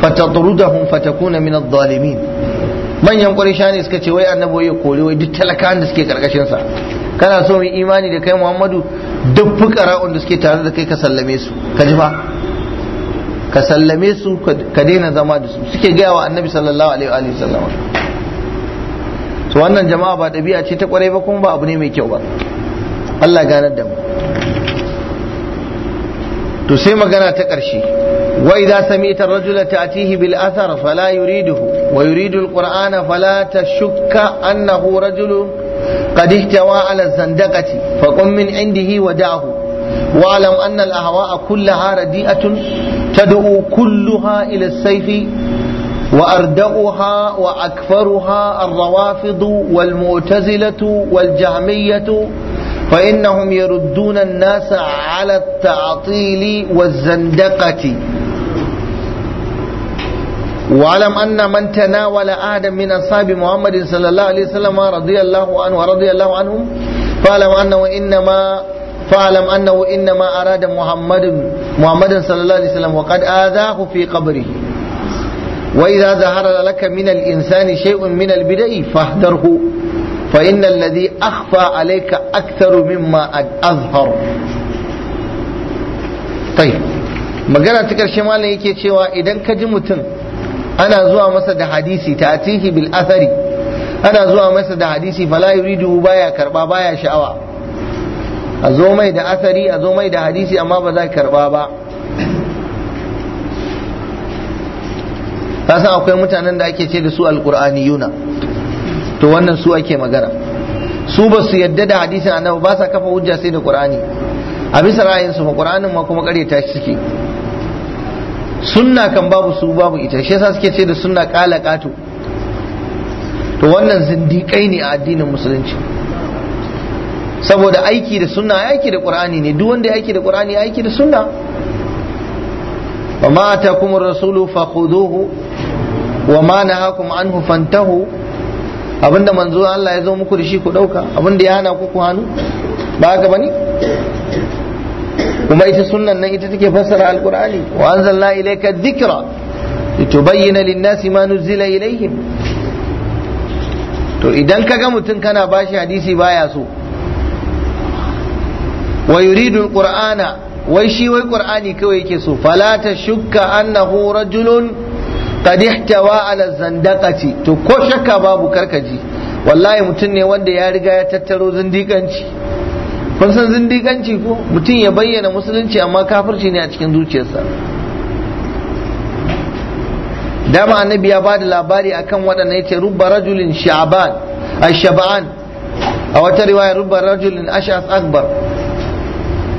فتطردهم فتكون من الظالمين manyan shani suka ce wai annabi ya kore wai duk talakan da suke karkashin sa kana so mu imani da kai Muhammadu duk fukara'un da suke tare da kai ka sallame su ka ji ba ka sallame su ka daina zama da su suke gaya wa annabi sallallahu alaihi wa sallam to wannan jama'a ba ɗabi'a ce ta ƙwarai ba kuma ba abu ne mai kyau ba Allah ganar da mu to sai magana ta ƙarshe wa idza sami'ta rajula ta'tihi bil athar fala yuriduhu wa yuridu al-qur'ana fala tashukka annahu rajulun قد احتوى على الزندقة فقم من عنده ودعه واعلم أن الأهواء كلها رديئة تدعو كلها إلى السيف وأردغها وأكفرها الروافض والمعتزلة والجهمية فإنهم يردون الناس على التعطيل والزندقة واعلم أن من تناول أحدا من أصحاب محمد صلى الله عليه وسلم رضي الله عنه ورضي الله عنهم فاعلم أنه إنما فاعلم أنه إنما أراد محمد محمد صلى الله عليه وسلم وقد آذاه في قبره وإذا ظهر لك من الإنسان شيء من البدع فاهدره فإن الذي أخفى عليك أكثر مما أظهر طيب magana ta ƙarshe malam yake cewa idan ka ji mutum ana zuwa masa da hadisi ta bil asari ana zuwa masa da hadisi fala yuridu baya karba baya sha'awa a zo mai da athari, a zo mai da hadisi amma ba za karba ba ka san akwai mutanen da ake ce da su yuna to wannan su ake magana su ba su yadda da hadisin annabi ba sa kafa hujja sai da qur'ani a bisa su ma qur'anin ma kuma ta shi sunna kan babu su babu ita shi yasa suke ce da sunna qala qatu to wannan zindiƙai ne a addinin musulunci saboda aiki da sunna ya aiki da qur'ani ne duk wanda ya aiki da qur'ani ya aiki da sunna wa ma atakumur rasulu fakhuduhu wa ma nahakum anhu fantahu abinda manzo Allah ya zo muku da shi ku dauka abinda ya hana ku ku hannu ba haka bane kuma ita sunnan nan ita take fassara alqur'ani wa anzalna ilayka dhikra litubayyana lin-nasi ma nuzila ilayhim to idan ka ga mutum kana bashi hadisi baya so wa yuridu alqur'ana wai shi wai qur'ani kawai yake so fala tashukka annahu rajulun kadi ihtawa ala zandakati to ko shakka babu karkaji wallahi mutum ne wanda ya riga ya tattaro zindikanci kun san zindikanci ko mutum ya bayyana musulunci amma kafirci ne a cikin zuciyarsa dama annabi ya bada labari akan waɗannan yace rubba rajulin sha'ban a shaban a wata riwaya rubba rajulin ash'as akbar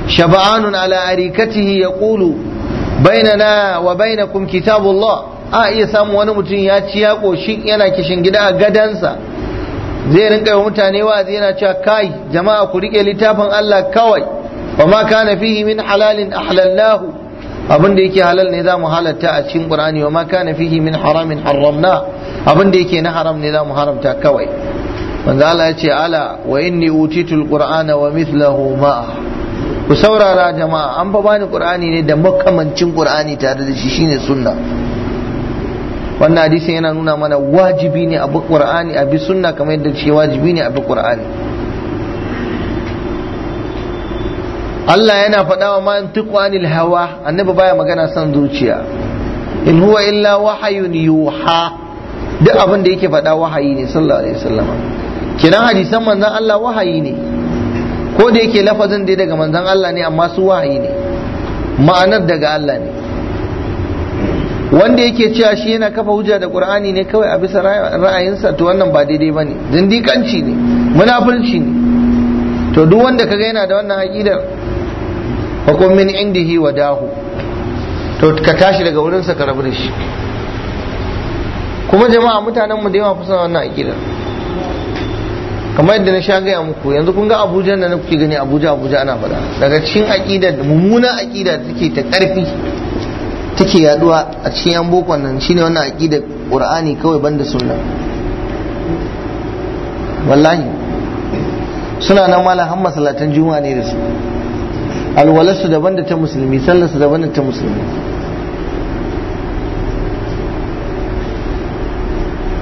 shab'anun ala arikatihi yaqulu bainana wa bainakum kitabullah a iya samu wani mutum ya ci ya koshi yana kishin gida a gadansa zai rinka yi mutane wa'azi yana cewa kai jama'a ku riƙe littafin Allah kawai wa ma ka na fihi min halalin ahlallahu abin da yake halal ne za mu halatta a cikin Qur'ani wa ma ka na fihi min haramin haramna abin da yake na haram ne za mu haramta kawai manzo Allah ya ce ala wa inni utitul qur'ana wa mithluhu ma ku saurara jama'a an fa bani qur'ani ne da makamancin qur'ani tare da shi shine sunna wannan hadisin yana nuna mana wajibi ne a qur'ani a bi sunna kamar yadda ce wajibi ne a qur'ani Allah yana faɗa wa man hawa annabi baya magana san zuciya in huwa illa wahayun yuha duk abin da yake faɗa wahayi ne sallallahu alaihi wasallam kenan hadisan manzon Allah wahayi ne ko da yake lafazin dai daga manzon Allah ne amma su wahayi ne ma'anar daga Allah ne wanda yake cewa shi yana kafa hujja da qur'ani ne kawai a bisa ra'ayinsa to wannan ba daidai bane zindikanci ne munafurci ne to duk wanda kaga yana da wannan aqidar hukum min indihi wa dahu to ka tashi daga wurin sa ka rabu da shi kuma jama'a mutanen mu da yawa fusa wannan aqidar kamar yadda na sha gaya muku yanzu kun ga abuja da kuke gani abuja abuja ana faɗa daga cikin aqidar mummunan aqida take ta ƙarfi take yaduwa a cikin yan bokon nan shine wannan aqidar qur'ani kawai banda sunna wallahi suna nan mala har salatan juma'a ne da su alwalarsu daban da ta musulmi sallarsu daban da ta musulmi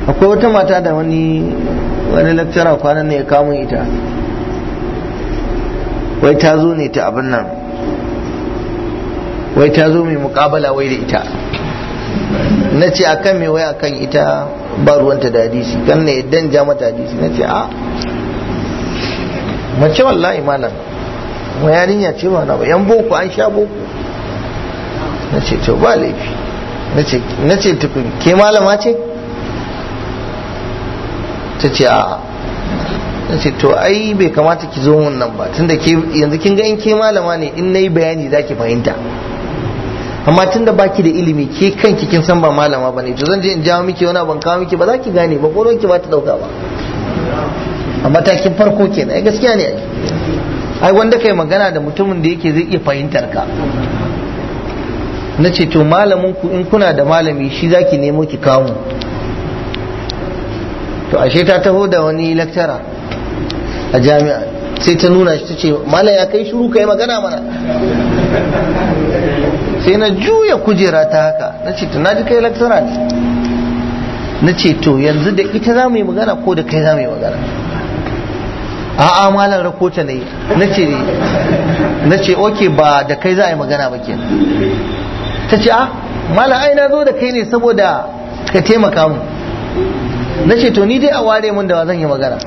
akwai wata mata da wani wani lecturer kwanan ne ya kamun ita wai ta zo ne ta abin nan wai ta zo mai mukabala wai da ita na ce akan mai wai akan ita ba ruwanta da hadisi kan na yadda ja mata hadisi na ce a ah, mace wallahi malam ma ya ce ba na ba yan boko an sha boko na ce to ba laifi na ce tukun ke malama ce ta ce a na ce to ai bai kamata ki zo mun nan ba tunda yanzu kin ga in ke malama ne in na yi bayani za ki fahimta amma tun da baki da ilimi ke kanki kin san ba malama bane to zan je in jawo miki wani ban kawo miki ba za ki gane ba koron ki ba ta dauka ba a matakin farko kenan ai gaskiya ne ai wanda kai magana da mutumin da yake zai iya fahimtar ka na ce to malamin ku in kuna da malami shi zaki nemo ki kawo to ashe ta taho da wani lecturer a jami'a sai ta nuna shi ta ce malam ya kai shiru yi magana mana sai na juya kujera ta haka na ce to naji kai lecturer ne na ce to yanzu da ita za mu yi magana ko da kai za mu yi magana a'a malam rakota ne na ce na ce oke ba da kai za a yi magana ba kenan ta ce a ah, malam ai na zo da kai ne saboda ka taimaka mu na ce to ni dai a ware mun da zan yi magana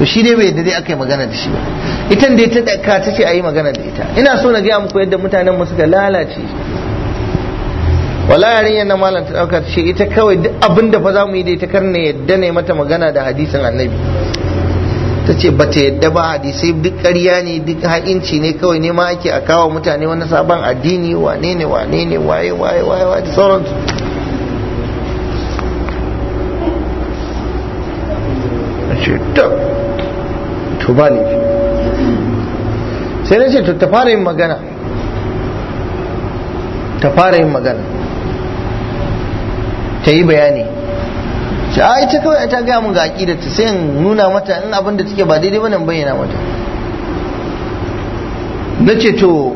to shi dai bai dai aka yi magana da shi ba ita dai ta daka ta ce a magana da ita ina so na gaya muku yadda mutanen mu suka lalace wala yarinyar na malam ta dauka ce ita kawai duk abin da fa za mu yi da ita kar ne yadda ne mata magana da hadisin annabi ta ce ba ta yadda ba hadisai duk ƙarya ne duk ha'inci ne kawai ne ma ake a kawo mutane wani sabon addini wane ne wane ne waye waye waye waye da sauransu ce to ba sai na ce to ta fara yin magana ta fara yin magana ta yi bayani ce a ita kawai ta gaya mun ga aƙidar ta sai nuna mata in abinda da take ba daidai bane bayyana mata na ce to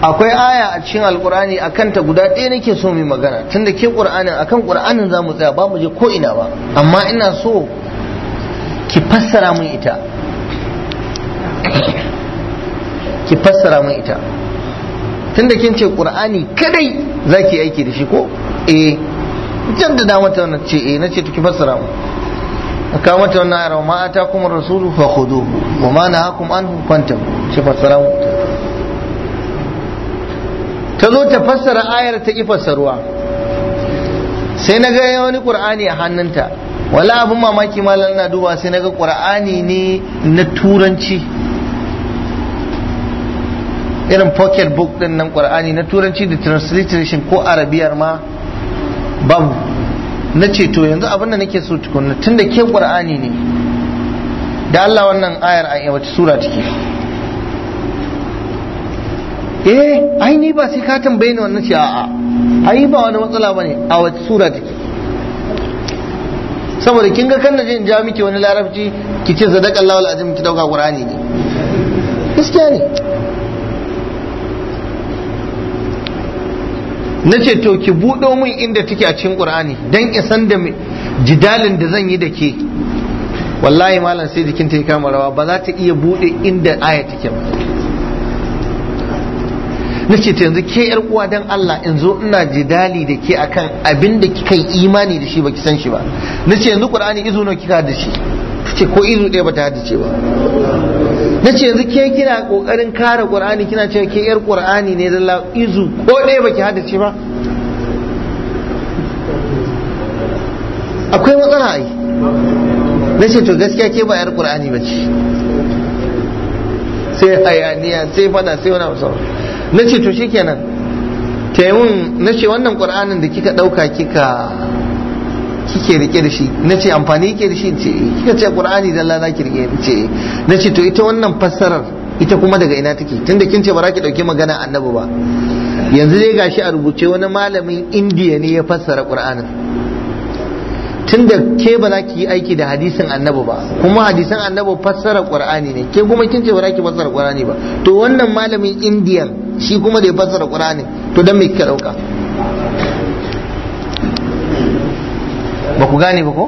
akwai aya a cikin alkur'ani a kanta guda ɗaya nake so mai magana tunda ke ƙur'anin akan ƙur'anin za mu tsaya ba mu je ko ina ba amma ina so ki fassara mun ita ki fassara mun ita tunda kin ce qur'ani kadai zaki aiki da shi ko eh jan da dama ta wannan ce eh nace to ki fassara mun aka mata wannan ayar ma kum rasulu fa khudu wa ma nahakum an fantahu shi fassara mun ta zo ta fassara ayar ta ki fassaruwa sai na ga wani qur'ani a hannunta wala abin mamaki malam na duba sai naga qur'ani ne na turanci irin pocket book din nan qur'ani na turanci da transliteration ko arabiyar ma babu na ceto. to yanzu abin da nake so tukunna tunda ke qur'ani ne da Allah wannan ayar a wata sura take eh ai ni ba sai ka tambaye ni wannan ce a'a ai ba wani matsala bane a wata sura take saboda kin ga kan je in ja miki wani larabci ki ce sadaka Allahu alazim ki dauka Qur'ani ne gaskiya ne nace to ki budo min inda take a cikin Qur'ani dan ki san da jidalin da zan yi da ke wallahi malam sai jikinta ya kama rawa ba za ta iya bude inda aya take ba na ce yanzu ke yar uwa dan Allah in zo ina jidali da ke akan abin da kika yi imani da shi baki san shi ba na ce yanzu qur'ani izu nawa kika da shi ce ko izu ɗaya bata hadice ba na ce yanzu ke kina kokarin kare qur'ani kina ce ke yar qur'ani ne da izu ko ɗaya baki hadice ba akwai matsala ai na ce to gaskiya ke ba yar qur'ani ba ce sai hayaniya sai fada sai wani abu na ce to shikenan taimun na ce wannan qur'anin da kika ɗauka kika kike rike da shi na ce amfani kike da shi ce eh. kika ce qur'ani dalla Allah zaki rike ce eh. na ce to ita wannan fassarar ita kuma daga ina take tunda kin ce ba za ki ɗauki magana annabi ba yanzu dai gashi a rubuce wani malamin indiya ne ya fassara qur'anin tunda ke ba za ki yi aiki da hadisin annabi ba kuma hadisan annabi fassara qur'ani ne ke kuma kin ce ba za ki fassara qur'ani ba to wannan malamin indiyan shi kuma da ya fassara qur'ani to dan me kika dauka ba ku gane ba ko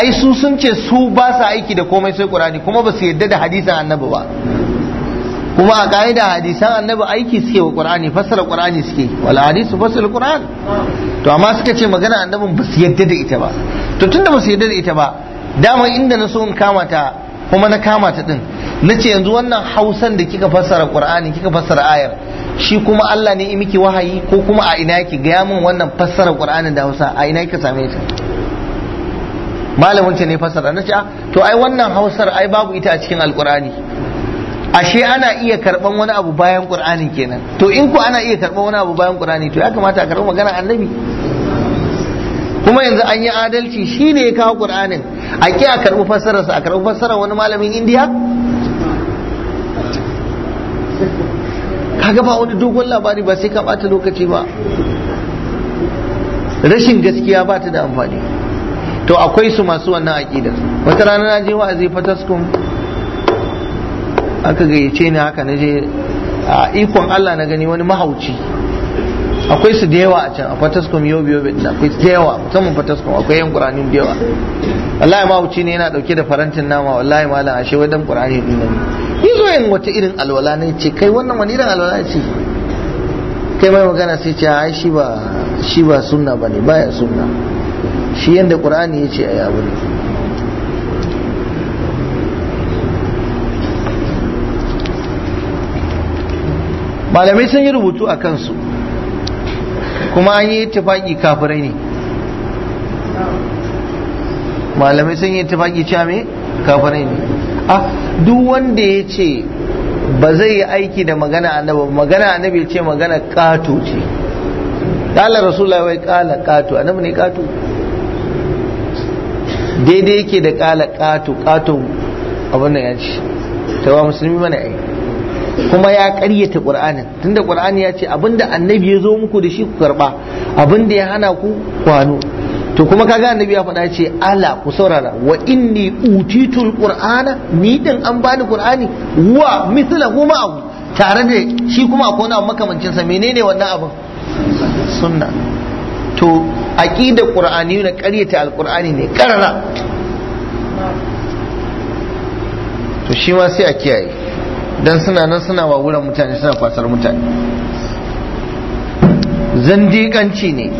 ai su sun ce su ba sa aiki da komai sai qur'ani kuma ba su yadda da hadisin annabi ba kuma a ka'ida hadisan annabi aiki suke wa qur'ani fassara qur'ani suke wal hadisu fassara qur'an to amma suka ce magana annabin ba su yadda da ita ba to tunda ba su yadda da ita ba dama inda na so in kama ta kuma na kama ta din na ce yanzu wannan hausan da kika fassara qur'ani kika fassara ayar shi kuma Allah ne miki wahayi ko kuma a ina yake gaya min wannan fassara qur'anin da hausa a ina yake same ta malamin ce ne fassara na ce ah, to ai wannan hausar ai babu ita a cikin alqur'ani ashe ana iya karban wani abu bayan qur'ani kenan to in ku ana iya karban wani abu bayan qur'ani to ya kamata a karɓi magana annabi kuma yanzu an yi adalci shine ya kawo qur'anin a ki a karɓi fassararsa a karɓi fassarar wani malamin indiya kaga ba wani dogon labari ba sai ka bata lokaci ba rashin gaskiya ba ta da amfani to akwai su masu wannan aƙidar wata rana na je wa'azi fataskum aka gayyace ni haka na je a ikon Allah na gani wani mahauci akwai su da yawa a can a fataskom yobe yobe da akwai su da yawa musamman fataskom akwai yan qur'ani da yawa wallahi mahauci ne yana dauke da farantin nama wallahi malam ashe dan qur'ani din nan ni zo yin wata irin alwala ne ce kai wannan wani irin alwala ce kai mai magana sai ce ai shi ba shi ba sunna bane baya sunna shi yanda qur'ani yace ayi abu ne malamai sun yi rubutu a kansu kuma an yi tafaƙi kafirai ne malamai sun yi tufaki me kafirai ne ah duk wanda ya ce ba zai yi aiki da magana annabi magana annabi ce magana kato ce kala rasulullahi wai ƙala kato annabi ne kato daidai yake da ƙala kato kato abin da ya ce tawa musulmi mana aiki kuma ya ƙaryata ƙur'anin tunda ƙur'ani ya ce abinda annabi ya zo muku da shi ku karba abinda ya hana ku kwano to kuma ka kaga annabi ya faɗa ce ala ku saurara wa inni utitul qur'ana ni din an bani qur'ani wa kuma abu? tare da shi kuma akwai wani makamancin sa menene wannan abin sunna to aqida qur'ani na ƙaryata alqur'ani ne karara to shi ma sai a kiyaye don suna nan suna wa wurin mutane suna kwasar mutane zandiƙanci ne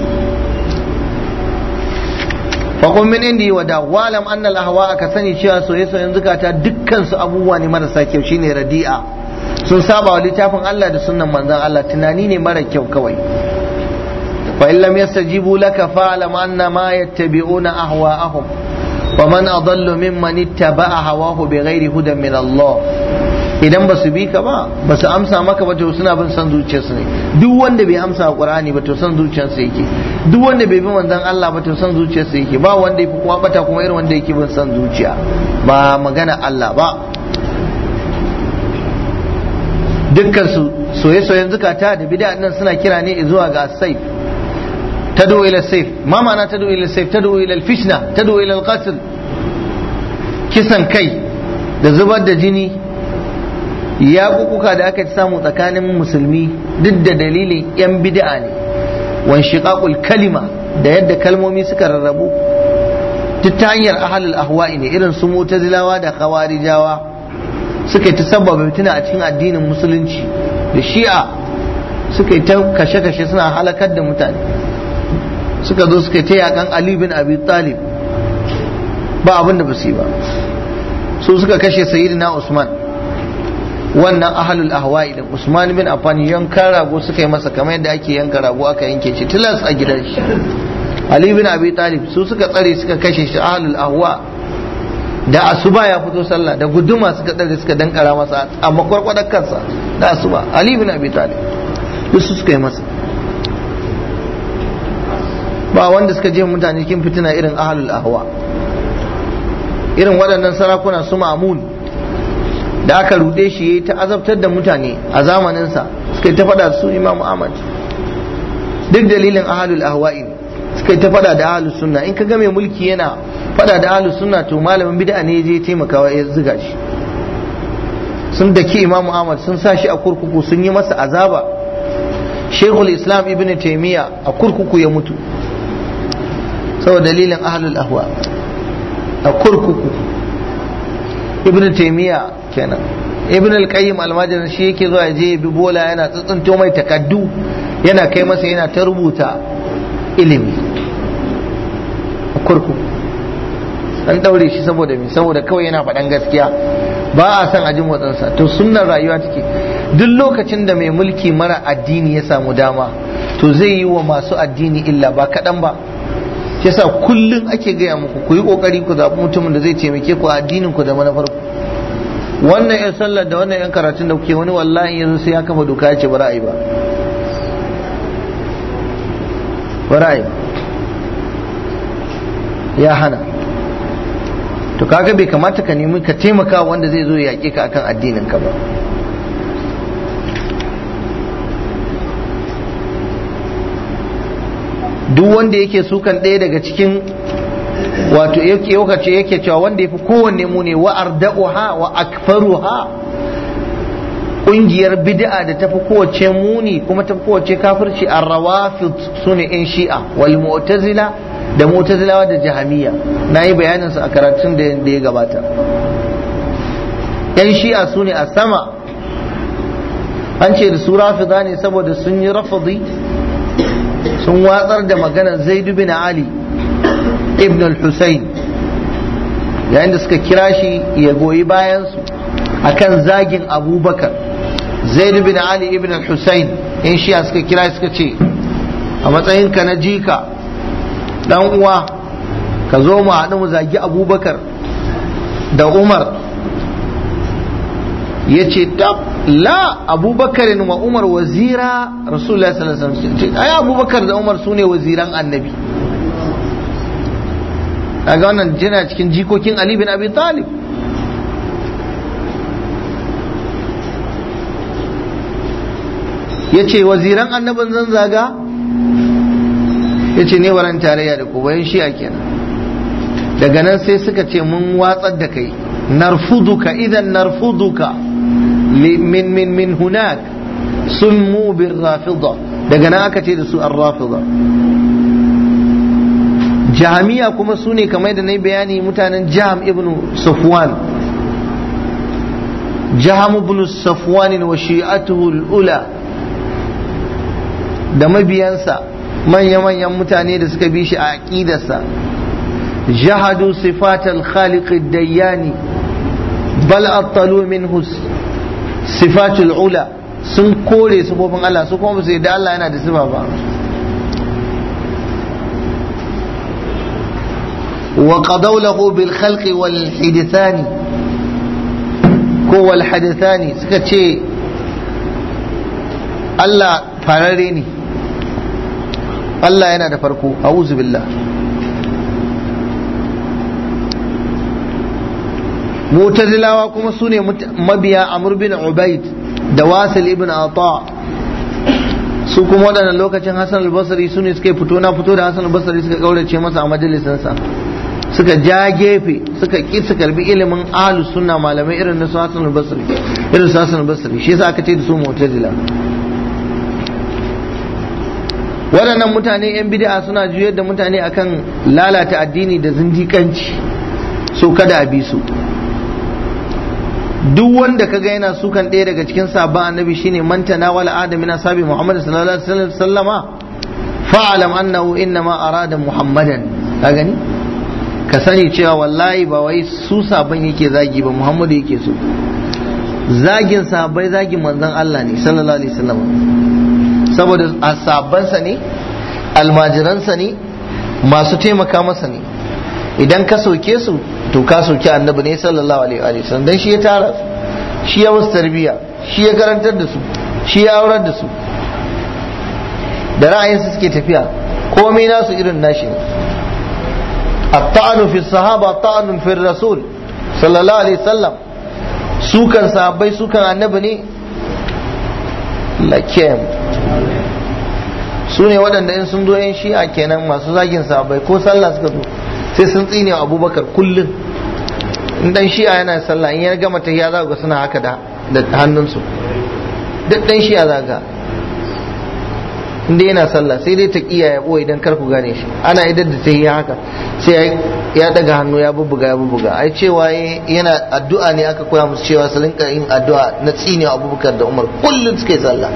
faƙon min indi wa da walam annal aka sani cewa soye zukata dukkansu abubuwa ne marasa kyau shine radi'a sun saba wa littafin Allah da sunan manzon Allah tunani ne mara kyau kawai fa in lam yastajibu laka fa'lam anna ma yattabi'una ahwa'ahum wa man adallu mimman ittaba'a hawahu bighairi hudan min Allah idan ba su bi ka ba ba su amsa maka ba to suna bin san zuciyarsu ne duk wanda bai amsa qur'ani ba to san zuciyarsa yake duk wanda bai bi manzon Allah ba to san zuciyarsa yake ba wanda yafi kuma bata kuma irin wanda yake bin san zuciya ba magana Allah ba dukkan su soye-soyen zukata da bid'a nan suna kira ne zuwa ga saif tadu ila saif ma ma'ana tadu ila saif tadu ila fitna tadu ila al-qatl kisan kai da zubar da jini ya kukuka da aka samu tsakanin musulmi duk da dalilin yan bid'a ne wan kalima da yadda kalmomi suka rarrabu duk ta hanyar ahlul ahwa'i ne irin su mutazilawa da khawarijawa suka ta sababa fitina a cikin addinin musulunci da shi'a suka ta kashe-kashe suna halakar da mutane suka zo suka ta yakan ali bin abi talib ba abin ba su yi ba su suka kashe sayyidina usman wannan ahalul ahwa'i da usman bin affan yankan rago suka yi masa kamar yadda ake yanka rago aka yanke shi tilas a gidan shi ali bin abi talib su suka tsare suka kashe shi ahalul ahwa da asuba ya fito sallah da guduma suka tsare suka dankara masa a makwarkwadar kansa da asuba ali bin abi talib duk su suka yi masa ba wanda suka je mutane kin fitina irin ahalul ahwa irin waɗannan sarakuna su mamun da aka ruɗe shi yi ta azabtar da mutane a zamaninsa suka yi ta faɗa su Imam Ahmad duk dalilin ahalul ahwa'i suka yi ta faɗa da ahlus sunna in ka ga mai mulki yana faɗa da ahlus sunna to malamin bid'a ne je taimakawa ya zuga shi sun daki Imam Ahmad sun sa shi a kurkuku sun yi masa azaba shekul Islam Ibn Taimiyya a kurkuku ya mutu saboda dalilin ahlul ahwa a kurkuku Ibn Taimiyya. kenan ibn al-qayyim al-majrin shi yake zuwa je bi bola yana tsantsanto mai takaddu yana kai masa yana ta rubuta ilimi a kurku an daure shi saboda me saboda kawai yana faɗan gaskiya ba a san a ji watsansa to sunnar rayuwa take duk lokacin da mai mulki mara addini ya samu dama to zai yi wa masu addini illa ba kaɗan ba yasa kullum ake gaya muku ku yi ƙoƙari ku zaɓi mutumin da zai taimake ku a addinin ku da manufar farko wannan yan sallar da wannan yan karatun da kuke wani wallahi yanzu sai ya kama doka ya ce ba ra'ayi ba ba ra'ayi ya hana to kaga bai kamata ka nemi ka taimaka wanda zai zo ya yaƙe ka akan addinin ka ba duk wanda yake sukan ɗaya daga cikin wato yake yake cewa wanda yafi kowanne ne wa arda'uha wa akfaruha kungiyar bid'a da tafi kowace muni kuma tafi kowace kafirci ar-rawafid ne in shi'a wal mu'tazila da mu'tazilawa da Jahamiya. nayi bayanin su a karatun da ya gabata yan shi'a ne a sama an ce da su rafida ne saboda sun yi rafadi sun watsar da maganar zaidu bin ali ibn al-Husayn yayin da suka kira shi ya goyi bayansu akan zagin abubakar zaid bin ali ibn al-Husayn in shiya suka kira suka ce a matsayinka na jika dan uwa ka zo mu haɗu mu zagi abubakar da umar ya ce tab la abubakarin wa umar wazira rasulullah sallallahu alaihi wasallam ai abubakar da umar sune waziran annabi kaga wannan yana cikin jikokin Ali bin Abi Talib ce waziran annabin zan zaga ce ne waran tarayya da ku bayan a kenan daga nan sai suka ce mun watsar da kai narfuduka idan narfuduka min min min hunak sun mu bin daga nan aka ce da su an rafida jahamiya kuma su ne kamar da na yi bayani mutanen jaham ibn safwan jaham ibn safwan wa shi'atuhu ula da mabiyansa manya-manyan mutane da suka bi shi a aƙidarsa jahadu sifatal khaliq dayyani bal attalu minhu sifatul ula sun kore sufofin Allah su kuma ba su yadda Allah yana da sifa ba وقضوا له بالخلق والحدثان ko walhadithani suka ce Allah farare ne Allah yana da farko a'udhu billah mutazilawa kuma su mabiya amr bin da wasil ibn su kuma waɗannan lokacin hassan albasari basri su ne suka fito na fito da hassan albasari suka kaurace masa a majalisansa suka ja gefe suka ki su karbi ilimin alu sunna malamai irin na sasan basri irin su basri shi yasa aka ce da su mu'tazila waɗannan mutane 'yan bid'a suna juyar da mutane akan lalata addini da zindikanci so kada a bi su duk wanda kaga yana sukan ɗaya daga cikin sabon annabi shine mantana Adam adamin sabi muhammad sallallahu alaihi wasallama fa'alam annahu ma arada muhammadan ka gani ka sani cewa wallahi ba wai su sabon yake zagi ba muhammadu yake so zagin sabai zagin manzon Allah ne sallallahu alaihi wasallam saboda sa ne almajiransa ne masu taimaka masa ne idan ka soke su to ka soki annabi ne sallallahu alaihi wasallam dan shi ya tara su shi ya musu tarbiya shi ya karantar da su shi ya aurar da su da ra'ayinsu suke tafiya komai nasu irin nashi ne at-ta'nu sahaba ta'nun rasul sallallahu alaihi wasallam sukan sahabbai sukan annabi ne lakem su waɗanda in sun zo yan shi'a kenan masu zagin sahabbai ko sallah suka zo sai sun tsine abubakar kullum in dan shi'a yana sallah in ya gama ta ya zaga suna haka da hannunsu duk dan shi'a zaga inda yana sallah sai dai ta kiya ya boye idan kar ku gane shi ana idan da ta yi haka sai ya daga hannu ya bubbuga ya bubbuga ai cewa yana addu'a ne aka koya musu cewa su rinka yin addu'a na a abubakar da umar kullum suke sallah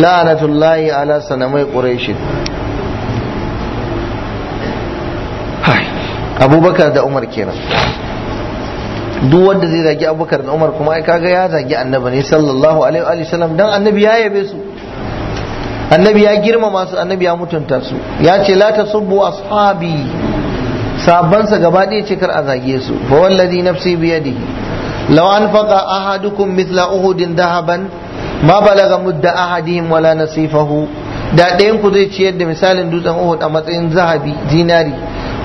la'anatullahi ala sanamai quraish abubakar da umar kenan duk wanda zai zagi abubakar da umar kuma ai kaga ya zagi annabi ne sallallahu alaihi wa sallam dan annabi ya yabe su annabi ya girmama su annabi ya mutunta su ya ce la tasubbu ashabi sabansa gaba ɗaya ce kar a zage su fa wallazi nafsi biyadihi law anfaqa ahadukum mithla uhudin dahaban ma balaga mudda ahadihim wala nasifahu da ɗayan ku zai ciyar da misalin dutsen uhud a matsayin zahabi zinari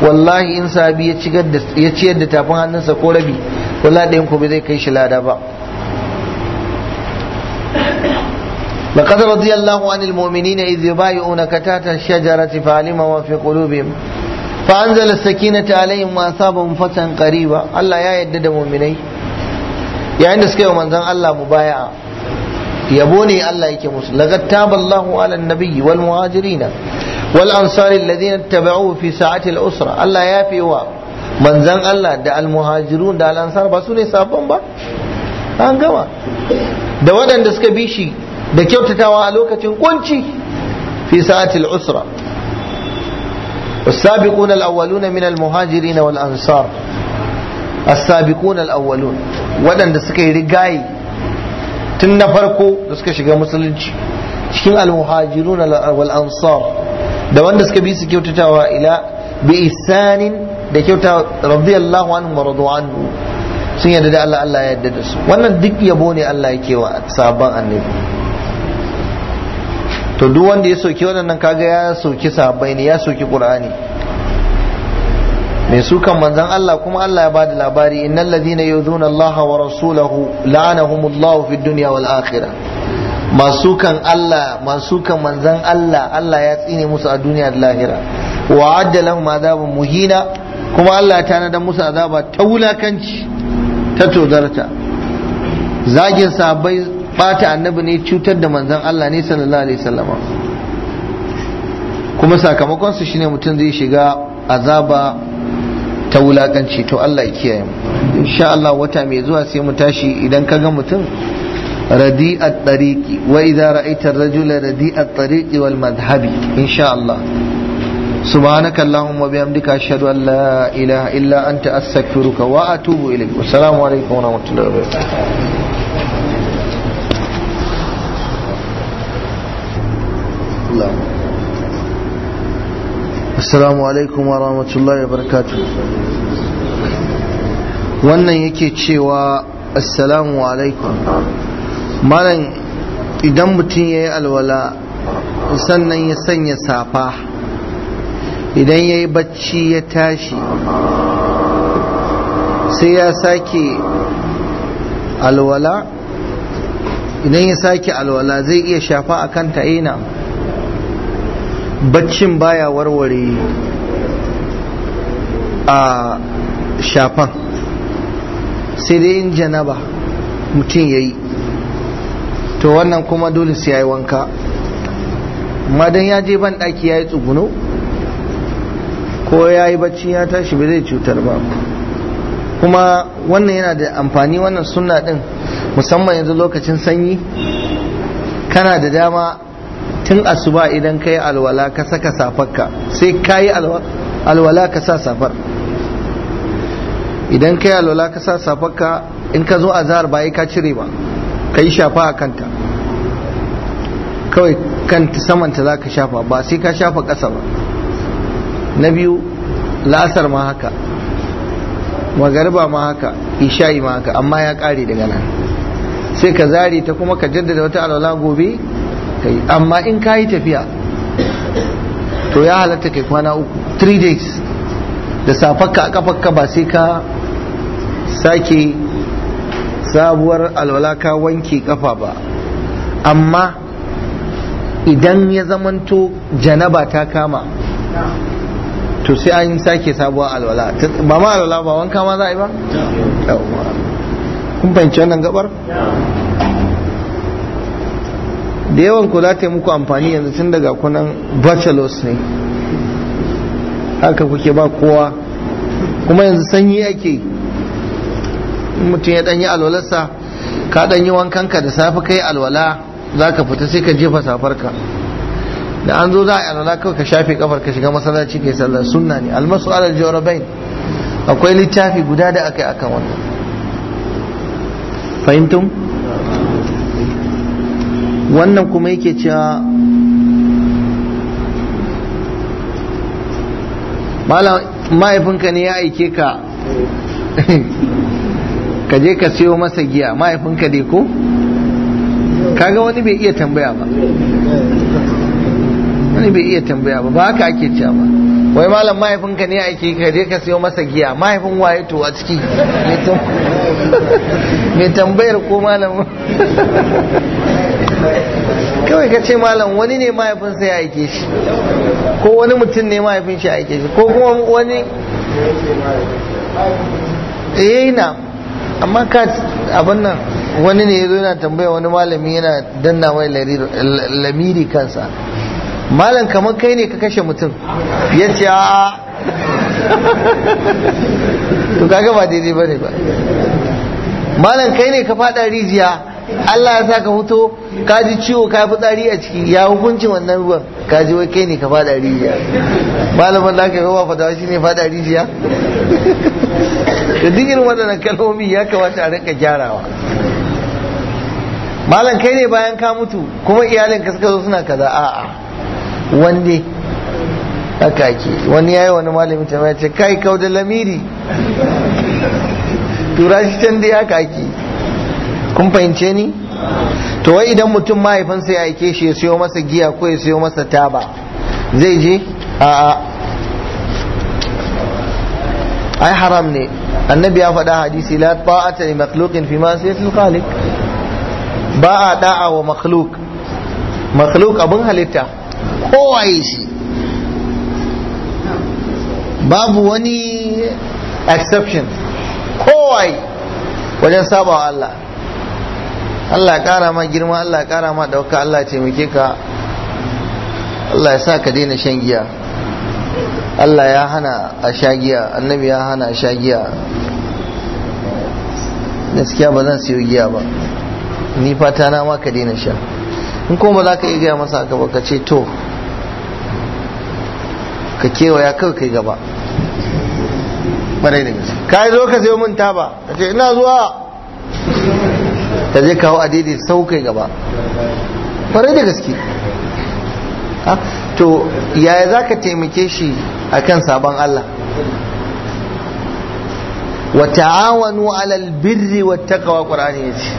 wallahi in sabi ya ciyar da tafin hannunsa ko rabi wallahi ɗayan ku bai zai kai shi lada ba لقد رضي الله عن المؤمنين إذ يبايعونك تحت الشجرة فعلم ما في قلوبهم فأنزل السكينة عليهم وأصابهم فتحا قريبا الله يا يدد مؤمني يا عند سكي ومن زن الله مبايع يبوني الله يكمس لقد تاب الله على النبي والمهاجرين والأنصار الذين اتبعوه في ساعة الأسرة الله يا في من زن الله دا المهاجرون دا الأنصار بسوني سابون با an gama da waɗanda suka bi shi da kyautatawa a lokacin kunci fi sa'atil usra as-sabiqun al-awwalun min al-muhajirin wal ansar as-sabiqun al-awwalun wadanda suka yi rigayi tun na farko da suka shiga musulunci cikin al-muhajirun wal ansar da wanda suka bi su kyautatawa ila bi ihsan da kyauta radiyallahu anhu wa anhu sun yarda da Allah Allah ya yarda da su wannan duk yabo ne Allah yake wa sabon annabi to duk wanda ya soki wadannan kaga ya soki sahabbai ne ya soki qur'ani mai sukan manzan Allah kuma Allah ya bada labari innal ladhina yuzuna Allah wa rasulahu Allah fi dunya wal akhirah masu kan Allah masu kan manzan Allah Allah ya tsine musu a duniya da lahira wa adda lahum muhina kuma Allah ya tanada musu azaba ta wulakanci ta tozarta zagin sahabbai bata annabi ne cutar da manzon Allah ne sallallahu alaihi wasallam kuma sakamakon su shine mutum zai shiga azaba ta wulakanci to Allah ya kiyaye mu insha Allah wata mai zuwa sai mu tashi idan ka ga mutum at tariqi wa idza ra'aita ar-rajula at tariqi wal madhhabi insha Allah سبحانك اللهم وبحمدك أشهد أن لا إله إلا أنت أستغفرك وأتوب إليك والسلام عليكم ورحمة الله وبركاته assalamu alaikum wa rahmatullahi wa barakatuh wannan yake cewa assalamu alaikum malam idan mutum ya yi alwala sannan ya sanya safa idan ya yi bacci ya tashi sai ya sake alwala idan ya sake alwala zai iya shafa a kan ina. baccin baya warware a shafan sai dai yin janaba mutum ya yi to wannan kuma dole sai ya yi wanka madan ya je ban ɗaki ya yi tsuguno ko ya yi bacci ya tashi ba zai cutar ba kuma wannan yana da amfani wannan suna ɗin musamman yanzu lokacin sanyi kana da dama tun asuba idan ka yi alwala ka saka safarka sai ka yi alwala ka sa safar idan ka yi alwala ka sa safarka in ka zo a zahar bayi ka cire ba ka yi shafa a kanta kawai kanta samanta za ka shafa ba sai ka shafa ƙasa ba na biyu la'asar ma haka magariba ma haka isha'i ma haka amma ya ƙare daga nan sai ka zari ta kuma ka jaddada wata alwala gobe kai amma in ka yi tafiya to ya halatta kai kwana uku 3 days da safarka a kafarka ba sai ka sake sabuwar alwala ka wanke kafa ba amma idan ya zamanto janaba ta kama to sai an sake sabuwar alwala ba ma alwala ba wanka ma za a yi ba kun fahimci wannan gabar da yawan ku za ta yi muku amfani yanzu tun daga kunan bachelors ne haka kuke ba kowa kuma yanzu sanyi ake mutum ya danyi alwalarsa ka danyi wankanka da safe kai alwala za ka fita sai ka jefa safarka da an zo za a alwala kawai ka shafe kafar ka shiga masallaci kai sallar sunna ne almasu alal jawrabain akwai littafi guda da aka yi akan wannan fahimtum wannan kuma yake cewa mahaifinka ne ya aike ka ka je ka siyo masa giya mahaifinka dai ko kaga wani bai iya tambaya ba wani bai iya tambaya ba ba haka ake cewa ba wai malam mahaifinka ne aike ka je ka siyo masa giya mahaifin waye to a ciki mai tambayar ko malam kawai ka ce malam wani ne mahaifinsa ya aike shi ko wani mutum ne mahaifin shi ya aike shi ko kuma wani eh na amma ka abin nan wani ne ya zo yana tambaya wani malami yana danna mai lamiri kansa malam kamar kai ne ka kashe mutum ya ce a to kaga ba daidai bane ba malam kai ne ka fada rijiya Allah ya saka huto ka ji ciwo ka fi tsari a ciki ya hukunci wannan ruwan ka ji wai kai ne ka fada rijiya malamin da aka ruwa fadawa ne fada rijiya da duk wadannan kalomi kalmomi ya kamata a rinka gyarawa malam kai ne bayan ka mutu kuma iyalin ka suka zo suna kaza a'a wande haka ake wani yayi wani malamin ta ce kai kau da lamiri tura shi can dai haka ake kun fahimce ni to wai idan mutum mahaifinsa ya aike shi ya siyo masa giya ko ya siyo masa taba zai je a'a ai haram ne annabi ya faɗa hadisi la ta'ata li makhluqin fi ma'siyatil khaliq ba a da'a wa makhluq makhluq abin halitta kowaye shi babu wani exception Kowai, wajen sabawa Allah Allah ya kara ma girma Allah ya kara ma dauka Allah ya taimake ka Allah ya sa ka daina shan giya Allah ya hana a sha giya annabi ya hana a sha giya gaskiya ba zan siyo giya ba ni fata na ma ka daina sha in kuma ba za ka iya masa ka ba ka ce to ka kewaya kawai kai gaba ɓarai da gaske ka yi zo ka sayo min taba ka ce ina zuwa ta zai kawo a daidai saukai gaba farai da gaske to yaya za ka taimake shi akan sabon Allah wa ta'awanu alal birri wa taqwa qur'ani yace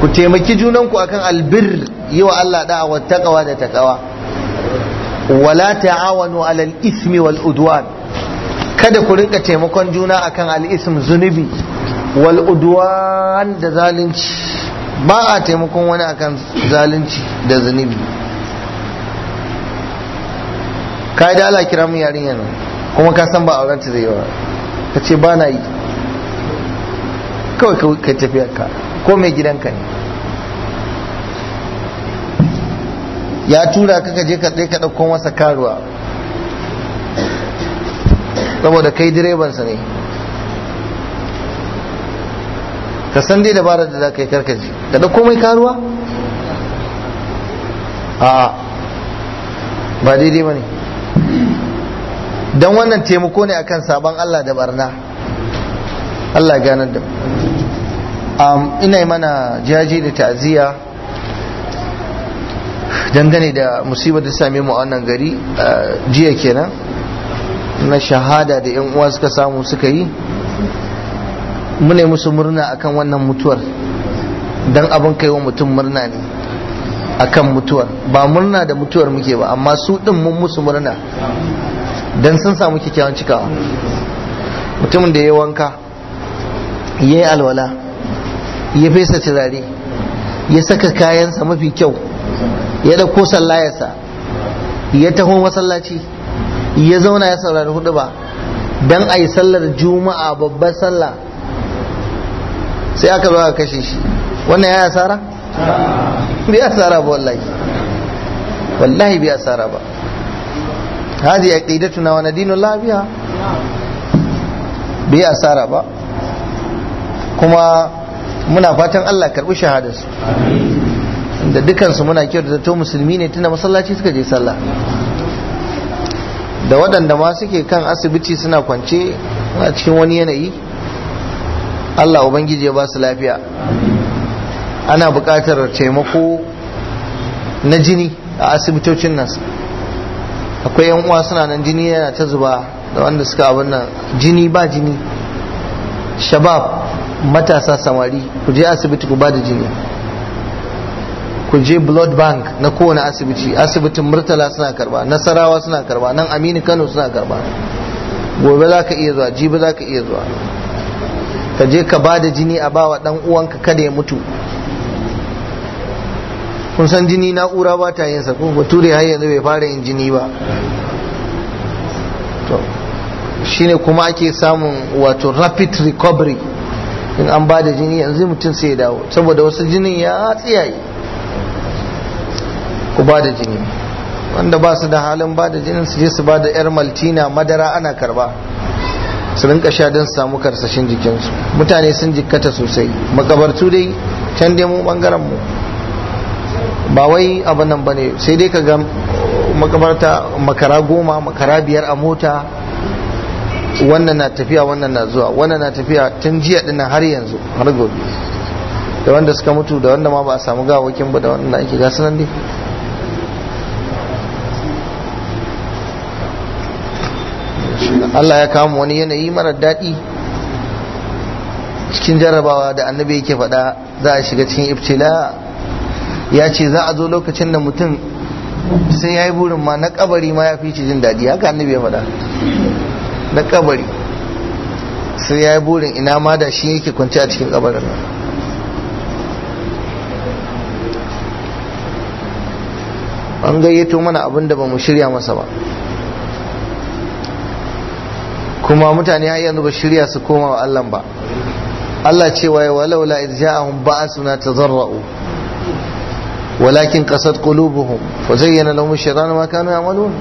ku taimaki junanku akan albir yi wa Allah da'a wa taqwa da taqwa wala ta'awanu alal ismi wal udwan kada ku rinka taimakon juna akan al ism zunubi wal da zalunci ba a taimakon wani akan zalunci da zunubi ka da ala kira mu yarinya kuma ka san ba auren ta zai yawa ka ce ba na yi kawai ka tafiya ka ko mai gidanka ne ya tura ka je ka tsaye ka ɗauko masa karuwa saboda kai direbansa ne ka san dai dabarar da za ka yi karkaci ka da komai karuwa a ba daidai ba ne don wannan taimako ne akan sabon Allah da barna Allah ganar da ina yi mana jaji da ta'aziyya dangane da musibar da same mu a wannan gari jiya kenan na shahada da 'yan uwa suka samu suka yi mune musu murna akan wannan mutuwar don abin kai mutum murna ne akan mutuwar ba murna da mutuwar muke ba amma su din mun musu murna don sun samu kyakkyawan cikawa mutumin da ya wanka ya yi alwala ya fesa turare ya saka kayansa mafi kyau ya ɗauko sallayarsa ya taho masallaci ya zauna ya saurari hudu ba don a yi sallar juma'a babbar sallah sai aka zo aka kashe shi wannan ya asara bi asara ba wallahi wallahi bi asara ba hadi na wani dinu lafiya bi asara ba kuma muna fatan Allah karbi shahadarsu da dukansu muna kyau da zato musulmi ne tunda masallaci suka je sallah da waɗanda ma suke kan asibiti suna kwance a cikin wani yanayi Allah ubangiji ya ba su lafiya ana buƙatar taimako na jini a asibitocin nan akwai yan uwa suna nan jini yana ta zuba da wanda suka abin nan jini ba jini shabab matasa samari ku je asibiti ku ba da jini ku je blood bank na kowane asibiti asibitin murtala suna karba nasarawa suna karba nan aminu kano suna karba gobe za ka iya zuwa jibi za ka iya zuwa ka je ka ba da jini a bawa ɗan uwanka kada ya mutu kun san jini na'ura ba ta yin sako bature har yanzu bai fara yin jini ba to shine kuma ake samun wato rapid recovery in an ba da jini yanzu mutum sai ya dawo saboda wasu jinin ya tsiyaye ku ba da jini wanda ba su da halin ba da jinin su je su ba da yar maltina madara ana karba su rinka sha don samu karsashin jikinsu mutane sun jikkata sosai makabartu dai can dai mu bangaren mu ba wai abin nan bane sai dai ka ga makabarta makara goma makara biyar a mota wannan na tafiya wannan na zuwa wannan na tafiya tun jiya dinnan har yanzu har gobe da wanda suka mutu da wanda ma ba a samu gawakin ba da wanda ake gasu nan dai Allah ya kama wani yanayi mara daɗi cikin jarabawa da annabi yake faɗa za a shiga cikin ibtila ya ce za a zo lokacin da mutum sai ya yi burin ma na kabari ma ya fi shi jin daɗi haka annabi ya faɗa na kabari sai ya yi burin ina ma da shi yake kwanci a cikin kabarin an gayyato mana abin da ba mu shirya masa ba kuma mutane ya yanzu ba shirya su koma wa Allah ba Allah cewa ya walau la idh ja'ahum ba'suna tazarra'u walakin qasat qulubuhum fa zayyana lahum ash-shaytanu ma kanu ya'malun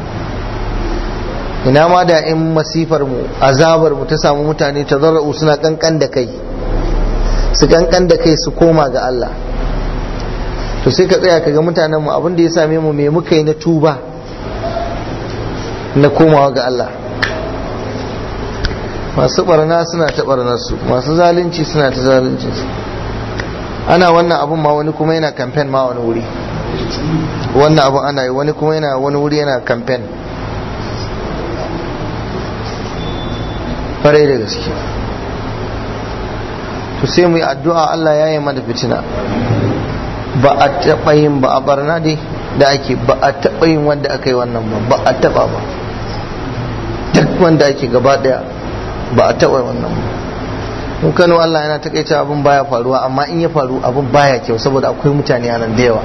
ina ma da in masifar mu azabar mu ta samu mutane tazarra'u suna kankan da kai su kankan da kai su koma ga Allah to sai ka tsaya ka ga mutanen mu abin da ya same mu me muka yi na tuba na komawa ga Allah masu barna suna ta barnarsu masu zalunci suna ta zaluncinsu ana wannan abun ma wani kuma yana kamfen ma wani wuri wannan abun ana yi wani kuma yana wani wuri yana kamfen farai da gaske to sai mu yi addu'a Allah ya yi mana fitina ba a taɓa yin ba a barna dai da ake ba a taɓa yin wanda aka yi wannan ba ba a taɓa ba duk wanda ake gaba ɗaya ba a taɓa wannan mu kano Allah yana takaita abin baya faruwa amma in ya faru abin baya kyau saboda akwai mutane a nan da yawa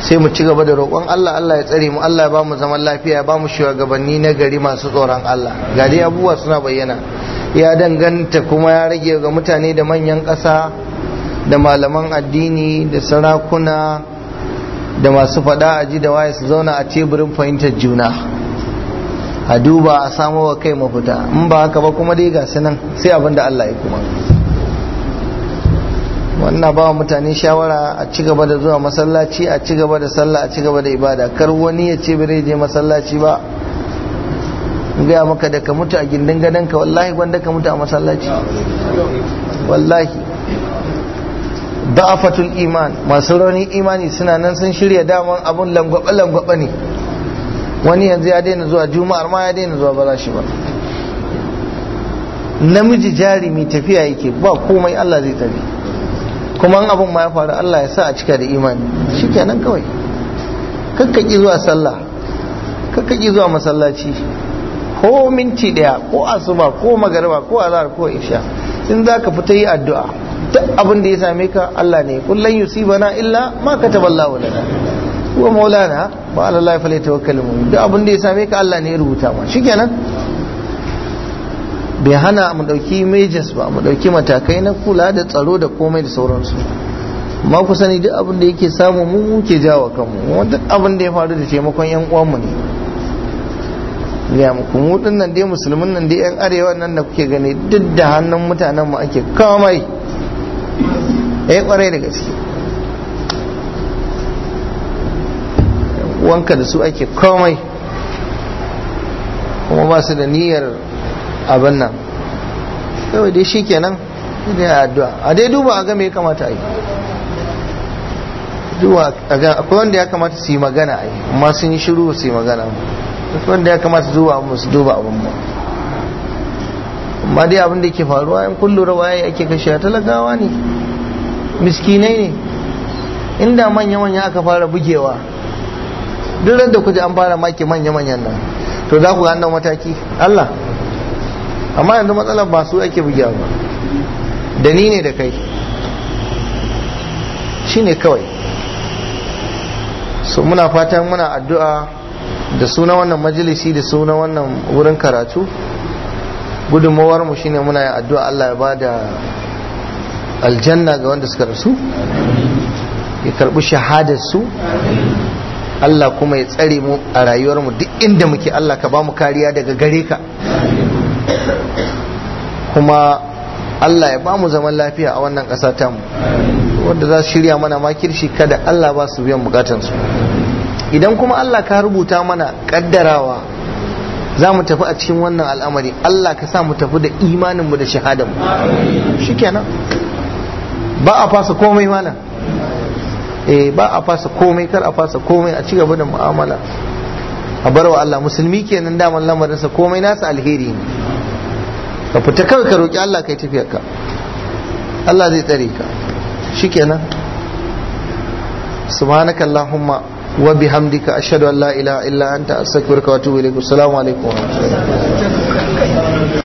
sai mu ci gaba da roƙon Allah Allah ya tsare mu Allah ya ba mu zaman lafiya ya ba mu shugabanni na gari masu tsoron Allah ga dai abubuwa suna bayyana ya danganta kuma ya rage ga mutane da manyan ƙasa da malaman addini da sarakuna da masu faɗa a ji da waye su zauna a teburin fahimtar juna a duba a samo wa kai mafita in ba haka ba kuma dai ga nan sai abin da Allah ya kuma wannan ba mutane shawara a ci gaba da zuwa masallaci a ci gaba da sallah a ci gaba da ibada kar wani ya ce bare je masallaci ba gaya maka da ka mutu a gindin gadon ka wallahi gwanda ka mutu a masallaci wallahi da'afatul iman masu rauni imani suna nan sun shirya daman abun langwaba-langwaba ne wani yanzu ya daina zuwa juma'ar ma ya daina zuwa ba za shi ba namiji mai tafiya yake ba komai Allah zai tafi kuma abin ma ya faru Allah ya sa a cika da imani shikenan kawai kakkaki zuwa sallah kakkaki zuwa masallaci ko minti daya ko asuba ko magariba ko azhar ko isha in ka fita yi addu'a duk abin da ya same ka Allah ne kullun bana illa ma kataballahu lana kuwa maulana wa ala Allah duk abin da ya same ka Allah ne ya rubuta ma shikenan bai hana mu dauki majors ba mu dauki matakai na kula da tsaro da komai da sauransu ma ku sani duk abin da yake samu mu muke jawo kanmu duk abin da ya faru da taimakon yan uwanmu ne ya muku mu nan dai musulmin nan dai yan arewa nan da kuke gani duk da hannun mutanen mu ake kamai eh kwarai da gaske uwanka da su ake komai kuma ba su da niyyar abin nan kawai dai shi kenan da addu'a a dai duba a game ya kamata a yi duba a ga akwai wanda ya kamata su yi magana a yi amma sun yi shiru su yi magana akwai wanda ya kamata duba abin su duba abin ba amma dai abin da ke faruwa yin kullu lura waye ake kashe talagawa ne miskinai ne inda manya-manya aka fara bugewa duk da kuje an fara maki manya-manyan nan to za ku ga mataki Allah amma yanzu matsalar ba su ake bugiya ba da ni ne da kai shi kawai so muna fatan muna addu'a da suna wannan majalisi da suna wannan wurin karatu gudunmawar mu shine muna yin addu'a Allah ya ba da aljanna ga wanda suka rasu ya karbi shahadar su Allah kuma ya tsare mu a rayuwar mu duk inda muke Allah ka ba mu kariya daga gare ka kuma Allah ya ba mu zaman lafiya a wannan ƙasa ta mu wanda za su shirya mana ma makirshi kada Allah ba su biyan bukatansu idan kuma Allah ka rubuta mana kaddarawa za mu tafi a cikin wannan al'amari Allah ka sa mu tafi da mu da shahadanmu shikenan ba a fasa komai mana eh ba a fasa komai kar a fasa komai a cigaba da mu'amala a barwa Allah musulmi kenan daman lamarinsa komai nasa alheri ne ka fita kawai ka roki Allah kai ka Allah zai tsare ka shikenan subhanaka allahumma wa bihamdika ashhadu an la ilaha illa anta astaghfiruka wa atubu ilaik assalamu alaikum wa rahmatullahi